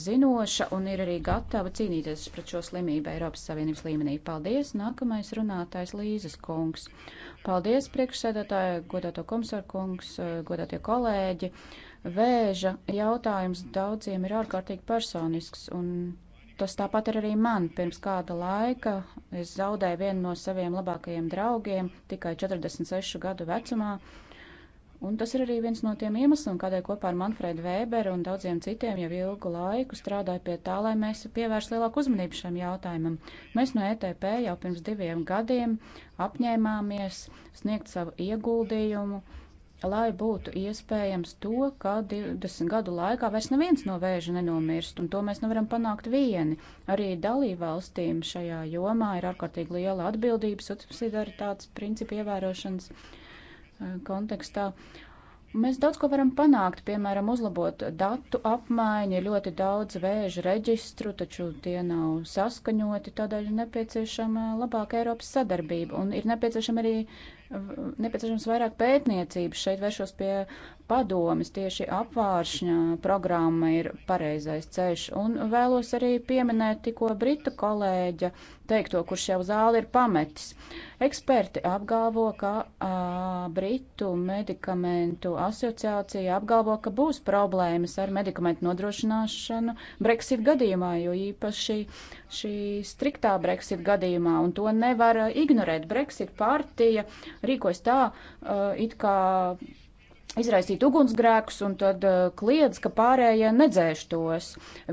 zinoša un ir arī gatava cīnīties pret šo slimību Eiropas Savienības līmenī. Paldies! Nākamais runātājs Līzes kungs. Paldies, priekšsēdētāji, godāto komisāru kungs, godātie kolēģi. Vēža jautājums daudziem ir ārkārtīgi personisks un tas tāpat ir arī man. Pirms kāda laika es zaudēju vienu no saviem labākajiem draugiem tikai 46 gadu vecumā Un tas ir arī viens no tiem iemesliem, kādēļ kopā ar Manfredu Vēberu un daudziem citiem jau ilgu laiku strādāju pie tā, lai mēs pievērstu lielāku uzmanību šiem jautājumam. Mēs no ETP jau pirms diviem gadiem apņēmāmies sniegt savu ieguldījumu, lai būtu iespējams to, ka 20 gadu laikā vairs neviens no vēža nenomirst, un to mēs nevaram panākt vieni. Arī dalībvalstīm šajā jomā ir ārkārtīgi liela atbildība subsidaritātes principu ievērošanas Eh, kontekstā. Mēs daudz ko varam panākt, piemēram, uzlabot datu apmaiņu, ir ļoti daudz vēža reģistru, taču tie nav saskaņoti, tādēļ ir nepieciešama labāka Eiropas sadarbība un ir nepieciešama arī nepieciešams vairāk pētniecības. Šeit vēršos pie padomas, tieši apvāršņa programma ir pareizais ceļš. Un vēlos arī pieminēt tikko Britu kolēģa teikto, kurš jau zāli ir pametis. Eksperti apgalvo, ka a, Britu medikamentu asociācija apgalvo, ka būs problēmas ar medikamentu nodrošināšanu Brexit gadījumā, jo īpaši šī striktā Brexit gadījumā, un to nevar ignorēt. Brexit partija rīkojas tā, a, it kā izraisīt ugunsgrēkus un tad uh, kliedz, ka pārējie nedzēš tos.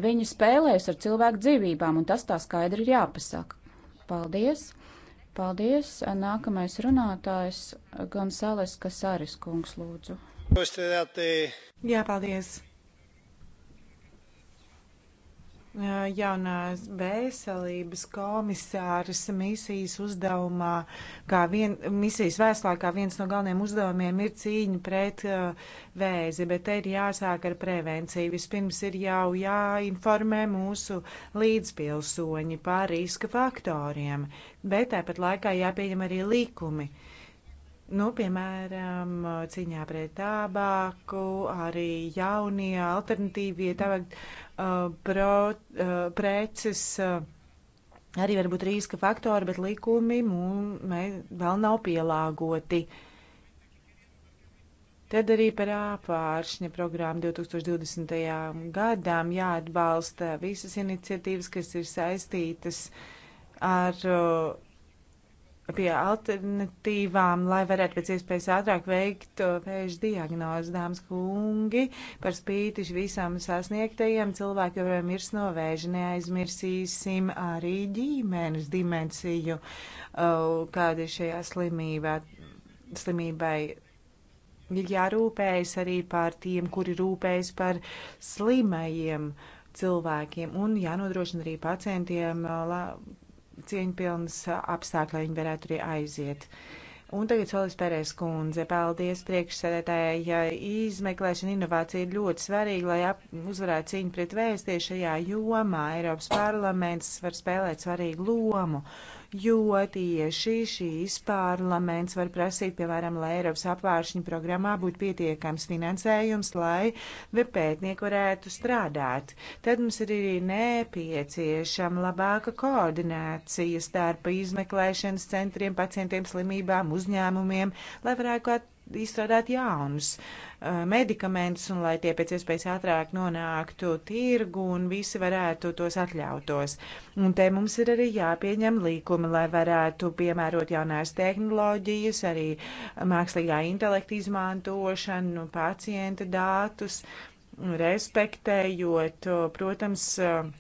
Viņi spēlēs ar cilvēku dzīvībām, un tas tā skaidri ir jāpasaka. Paldies! Paldies! Nākamais runātājs Gonzales Kasaris kungs lūdzu. Jā, paldies! Eh, jaunās veselības komisāras misijas uzdevumā, kā vien, misijas vēslā, kā viens no galvenajiem uzdevumiem ir cīņa pret uh, vēzi, bet te ir jāsāk ar prevenciju. Vispirms ir jau jāinformē mūsu līdzpilsoņi par riska faktoriem, bet tāpat laikā jāpieņem arī likumi. Nu, piemēram, cīņā pret tābāku, arī jaunie alternatīvie tābāk Eh, pro, eh, preces eh, arī var būt riska faktori, bet likumi mums vēl nav pielāgoti. Tad arī par āpāršņa programmu 2020. gadām jāatbalsta visas iniciatīvas, kas ir saistītas ar uh, pie alternatīvām, lai varētu pēc iespējas ātrāk veikt uh, vēža diagnozi, dāmas kungi. Par spīti visām sasniegtajiem cilvēki joprojām mirs no vēža. Neaizmirsīsim arī ģimenes dimensiju, uh, kāda ir šajā slimībā, slimībai. Ir jārūpējas arī par tiem, kuri rūpējas par slimajiem cilvēkiem un jānodrošina arī pacientiem uh, la, cieņpilnas apstākļi, lai viņi varētu arī aiziet. Uh, Un tagad solis Pērēs kundze, paldies priekšsēdētāja izmeklēšana inovācija ir ļoti svarīga, lai ap, uzvarētu cīņu pret vēsties šajā jomā. Eiropas parlaments var spēlēt svarīgu lomu, jo tieši šīs parlaments var prasīt, piemēram, lai Eiropas apvāršņu programmā būtu pietiekams finansējums, lai pētnieki varētu strādāt. Tad mums ir arī nepieciešama labāka koordinācija starp izmeklēšanas centriem, pacientiem slimībām, uzņēmumiem, lai varētu izstrādāt jaunus uh, medikamentus un lai tie pēc iespējas ātrāk nonāktu tirgu un visi varētu tos atļautos. Un te mums ir arī jāpieņem līkumi, lai varētu piemērot jaunās tehnoloģijas, arī mākslīgā intelekta izmantošanu, nu, pacienta datus, respektējot, uh, protams, uh,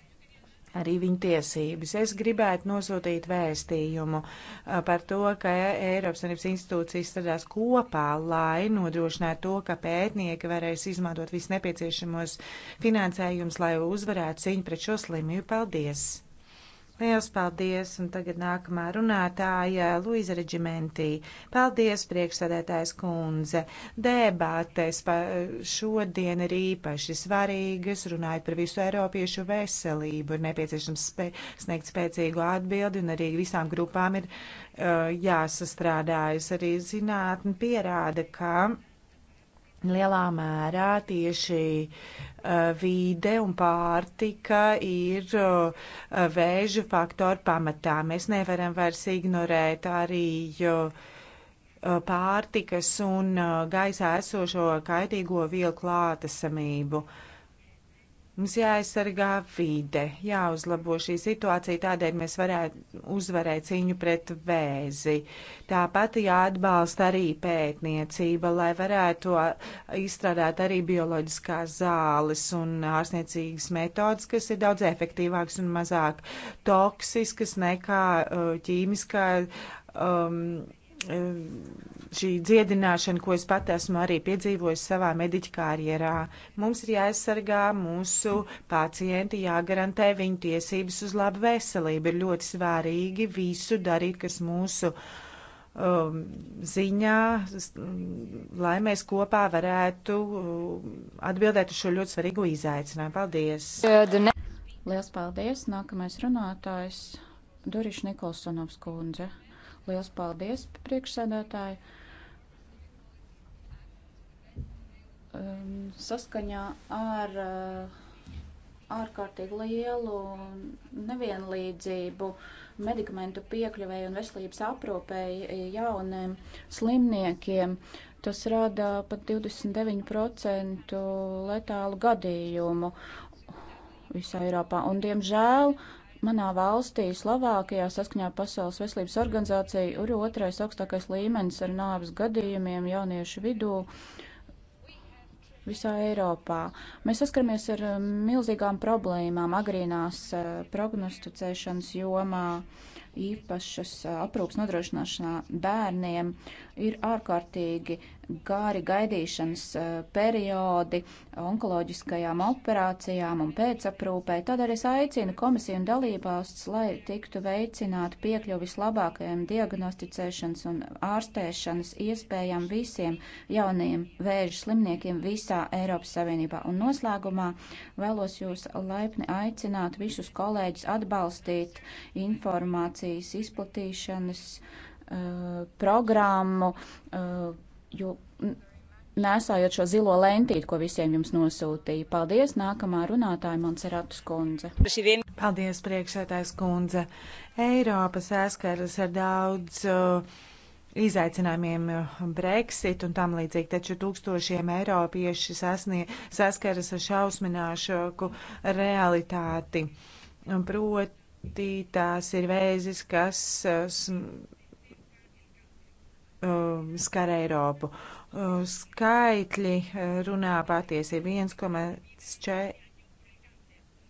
arī viņa tiesības. Es gribētu nosūtīt vēstījumu uh, par to, ka Eiropas Savienības institūcijas strādās kopā, lai nodrošinātu to, ka pētnieki varēs izmantot visu nepieciešamos finansējumus, lai uzvarētu cīņu pret šo slimību. Paldies! Liels paldies, un tagad nākamā runātāja Luiza Reģimentī. Paldies, priekšsēdētājs kundze. Debātes šodien ir īpaši svarīgas, runājot par visu Eiropiešu veselību. Ir nepieciešams spē sniegt spēcīgu atbildi, un arī visām grupām ir uh, jāsastrādājas. Arī zinātni pierāda, ka Lielā mērā tieši uh, eh, vīde un pārtika ir uh, vēža faktori pamatā. Mēs nevaram vairs ignorēt arī uh, pārtikas un gaisā esošo kaitīgo vielu klātesamību. Uh, Mums jāaizsargā vide, jāuzlabo šī situācija, tādēļ mēs varētu uzvarēt cīņu pret vēzi. Tāpat jāatbalsta arī pētniecība, lai varētu izstrādāt arī bioloģiskās zāles un ārsniecīgas metodas, kas ir daudz efektīvākas un mazāk toksiskas nekā uh, ķīmiskā. Um, šī dziedināšana, ko es pat esmu arī piedzīvojis savā mediķa karjerā. Mums ir jāaizsargā mūsu pacienti, jāgarantē viņu tiesības uz labu veselību. Ir ļoti svārīgi visu darīt, kas mūsu um, ziņā, lai mēs kopā varētu um, atbildēt uz šo ļoti svarīgo izaicinājumu. Paldies! Liels paldies! Nākamais runātājs Duriš Nikolsonovs kundze. Liels paldies, priekšsēdētāji! Um, saskaņā ar uh, ārkārtīgi lielu nevienlīdzību medikamentu piekļuvēju un veselības aprūpēju jauniem slimniekiem. Tas rada pat 29% letālu gadījumu visā Eiropā. Un, diemžēl, uh, Manā valstī, Slovākijā, saskaņā Pasaules veselības organizācija ir otrais augstākais līmenis ar nāvis gadījumiem jauniešu vidū visā Eiropā. Mēs saskaramies ar um, milzīgām problēmām agrīnās uh, prognosticēšanas jomā, īpašas uh, aprūpas nodrošināšanā bērniem. Uh, ir ārkārtīgi gāri gaidīšanas eh, periodi onkoloģiskajām operācijām un pēcaprūpē. Tādēļ es aicinu komisiju un dalībvalsts, lai tiktu veicināt piekļuvis labākajiem diagnosticēšanas un ārstēšanas iespējām visiem jaunajiem vēža slimniekiem visā Eiropas Savienībā. Un noslēgumā vēlos jūs laipni aicināt visus kolēģus atbalstīt informācijas izplatīšanas uh, Eh, programmu, eh, jo nesājot šo zilo lentīti, ko visiem jums nosūtīja. Paldies, nākamā runātāja Manseratus kundze. Paldies, priekšsētājs kundze. Eiropa saskaras ar daudz uh, izaicinājumiem Brexit un tam līdzīgi, taču tūkstošiem eiropieši sasnie, saskaras ar šausmināšāku realitāti. Proti, tās ir vēzis, kas. Uh, um, skar Eiropu. Uh, skaitļi uh, runā patiesību 1,4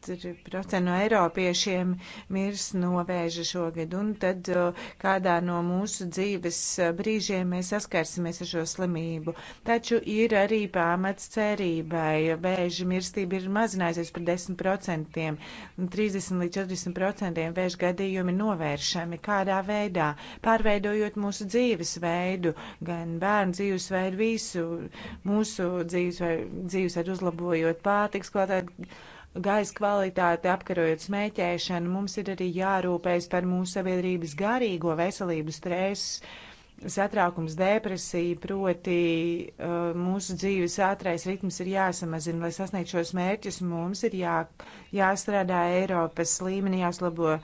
4% no eiropiešiem mirs no vēža šogad, un tad kādā no mūsu dzīves brīžiem mēs saskarsimies ar šo slimību. Taču ir arī pamats cerībai. Vēža mirstība ir mazinājusies par 10%, un 30 līdz 40% vēža gadījumi novēršami kādā veidā, pārveidojot mūsu dzīvesveidu, gan bērnu dzīvesveidu, visu mūsu dzīvesveidu, dzīvesveidu uzlabojot pārtiks kvalitāti gaisa kvalitāti, apkarojot smēķēšanu, mums ir arī jārūpējas par mūsu sabiedrības garīgo veselību stresu. Satraukums, depresija, proti uh, mūsu dzīves ātrais ritms ir jāsamazina, lai sasniegtu šos mērķus. Mums ir jā, jāstrādā Eiropas līmenī, jāslabo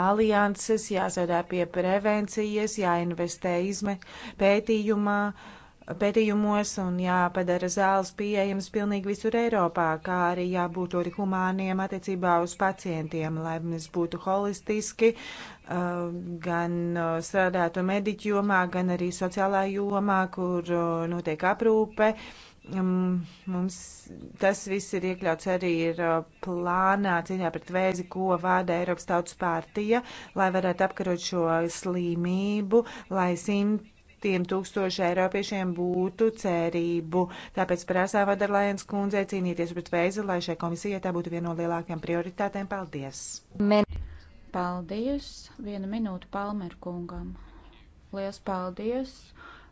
alianses, jāsēdā pie prevencijas, jāinvestē izme pētījumā, uh, pētījumos un jāpadara zāles pieejamas pilnīgi visur Eiropā, kā arī jābūt ļoti humāniem attiecībā uz pacientiem, lai mēs būtu holistiski, uh, gan uh, strādātu mediķu jomā, gan arī sociālā jomā, kur uh, notiek aprūpe. Um, mums tas viss ir iekļauts arī ir plānā cīņā pret vēzi, ko vada Eiropas tautas pārtija, lai varētu apkarot šo slimību, lai simt tiem tūkstoši eiropiešiem būtu cerību. Tāpēc prasā Vadarlēns kundzei cīnīties pret veizi, lai šai komisijai tā būtu viena no lielākajām prioritātēm. Paldies! Men. Paldies! Viena minūte Palmer kungam. Liels paldies!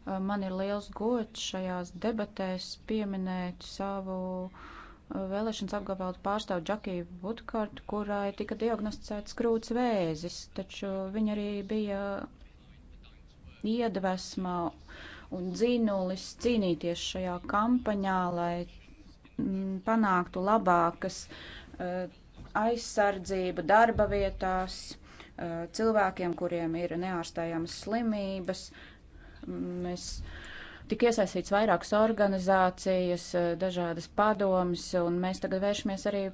Uh, man ir liels gods šajās debatēs pieminēt savu uh, vēlēšanas apgabalu pārstāvu Džakiju Vudkartu, kurai tika diagnosticēts krūts vēzis, taču viņa arī bija iedvesma un dzinulis cīnīties šajā kampaņā, lai mm, panāktu labākas eh, aizsardzība darba vietās eh, cilvēkiem, kuriem ir neārstējamas slimības. Mēs tik iesaistīts vairākas organizācijas, eh, dažādas padomas, un mēs tagad vēršamies arī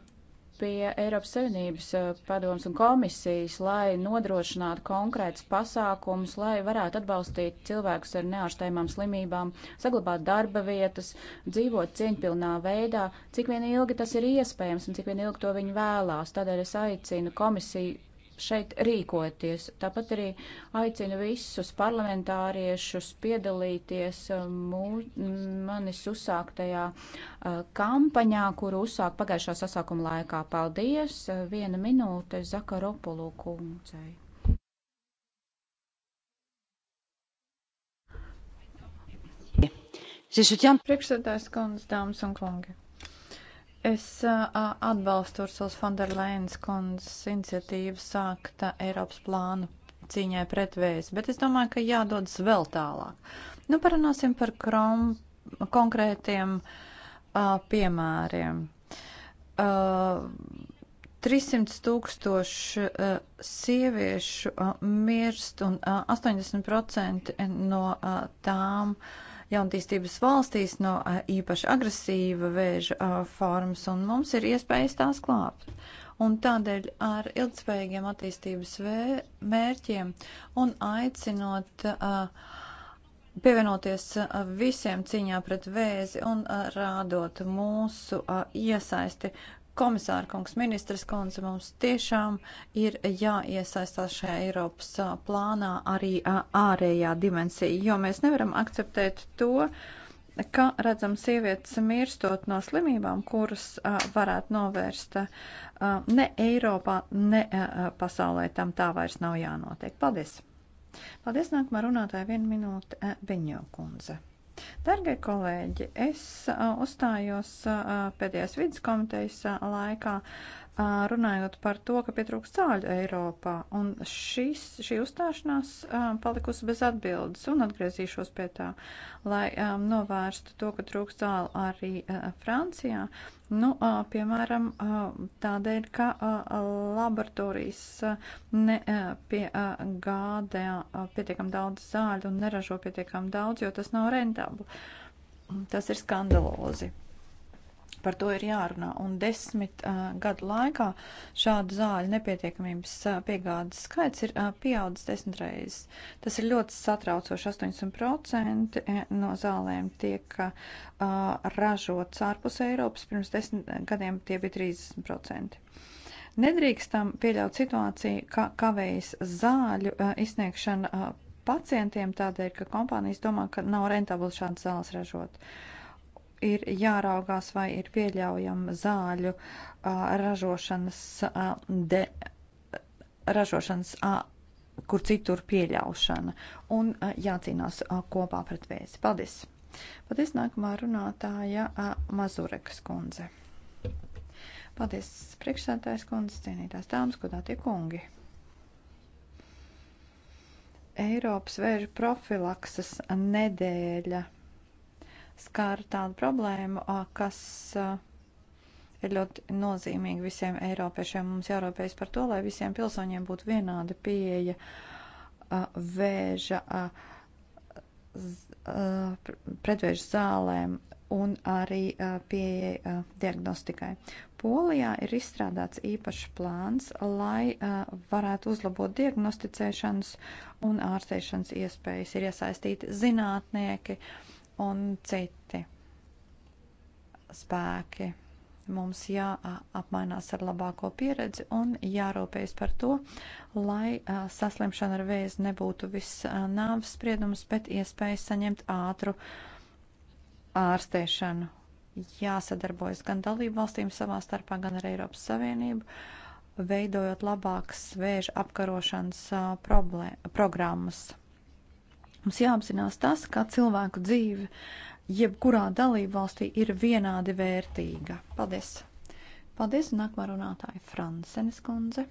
pie Eiropas Savienības eh, padomas un komisijas, lai nodrošinātu konkrētus pasākumus, lai varētu atbalstīt cilvēkus ar neārstējumām slimībām, saglabāt darba vietas, dzīvot cieņpilnā veidā, cik vien ilgi tas ir iespējams un cik vien ilgi to viņi vēlās. Tādēļ es aicinu komisiju šeit rīkoties. Tāpat arī aicinu visus parlamentāriešus piedalīties um, mū, manis uzsāktajā uh, kampaņā, kuru uzsāk pagājušā sasākuma laikā. Paldies! Uh, viena minūte Zakaropulu kundzei. Priekšsēdētājs kundze, dāmas un kungi. Es atbalstu Ursulas Fonderleinas kundzes iniciatīvu sākt Eiropas plānu cīņai pret vēzi, bet es domāju, ka jādodas vēl tālāk. Nu, parunāsim par krom, konkrētiem uh, piemēriem. Uh, 300 tūkstoši uh, sieviešu uh, mirst un uh, 80% no uh, tām uh, jauntīstības valstīs no īpaši agresīva vēža formas, un mums ir iespējas tās klāpt. Un tādēļ ar ilgspējīgiem attīstības mērķiem un aicinot uh, pievienoties visiem cīņā pret vēzi un rādot mūsu iesaisti Komisāra kungs, ministras kundze, mums tiešām ir jāiesaistās šajā Eiropas plānā arī ārējā dimensija, jo mēs nevaram akceptēt to, ka redzam sievietes mirstot no slimībām, kuras varētu novērst ne Eiropā, ne pasaulē. Tam tā vairs nav jānotiek. Paldies! Paldies, nākamā runātāja, viena minūte, Beņo kundze. Dargie kolēģi, es uzstājos pēdējās vidas komitejas laikā runājot par to, ka pietrūkst zāļu Eiropā, un šis, šī uzstāšanās palikusi bez atbildes, un atgriezīšos pie tā, lai novērstu to, ka trūkst zāļu arī Francijā, nu, piemēram, tādēļ, ka laboratorijas nepiegādā pietiekam daudz zāļu un neražo pietiekam daudz, jo tas nav rentabli. Tas ir skandalozi. Par to ir jārunā. Un desmit uh, gadu laikā šādu zāļu nepietiekamības uh, piegādes skaits ir uh, pieaudzis desmit reizes. Tas ir ļoti satraucoši. 80% no zālēm tiek uh, ražots ārpus Eiropas. Pirms desmit gadiem tie bija 30%. Nedrīkstam pieļaut situāciju, ka kavējas zāļu uh, izsniegšana uh, pacientiem tādēļ, ka kompānijas domā, ka nav rentabli šādas zāles ražot. Uh, ir jāraugās, vai ir pieļaujama zāļu ražošanas, de, ražošanas kur citur pieļaušana un jācīnās kopā pret vēzi. Paldies! Paldies nākamā runātāja Mazurekas kundze. Paldies, priekšsētājs kundze, cienītās dāmas, godātie kungi! Eiropas vēža profilakses nedēļa skāra tādu problēmu, kas ir ļoti nozīmīga visiem eiropiešiem. Mums jārūpējas par to, lai visiem pilsoņiem būtu vienāda pieeja vēža, pretvēža zālēm un arī pieeja diagnostikai. Polijā ir izstrādāts īpašs plāns, lai varētu uzlabot diagnosticēšanas un ārstēšanas iespējas. Ir iesaistīti zinātnieki, uh, un citi spēki. Mums jāapmainās ar labāko pieredzi un jārūpējas par to, lai saslimšana ar vēzi nebūtu viss nāves spriedums, bet iespējas saņemt ātru ārstēšanu. Jāsadarbojas gan dalību valstīm savā starpā, gan ar Eiropas Savienību veidojot labākas vēža apkarošanas problē, programmas. Mums jāapzinās tas, ka cilvēku dzīve jebkurā dalībvalstī ir vienādi vērtīga. Paldies! Paldies! Nākamā runātāja Fransenes kundze.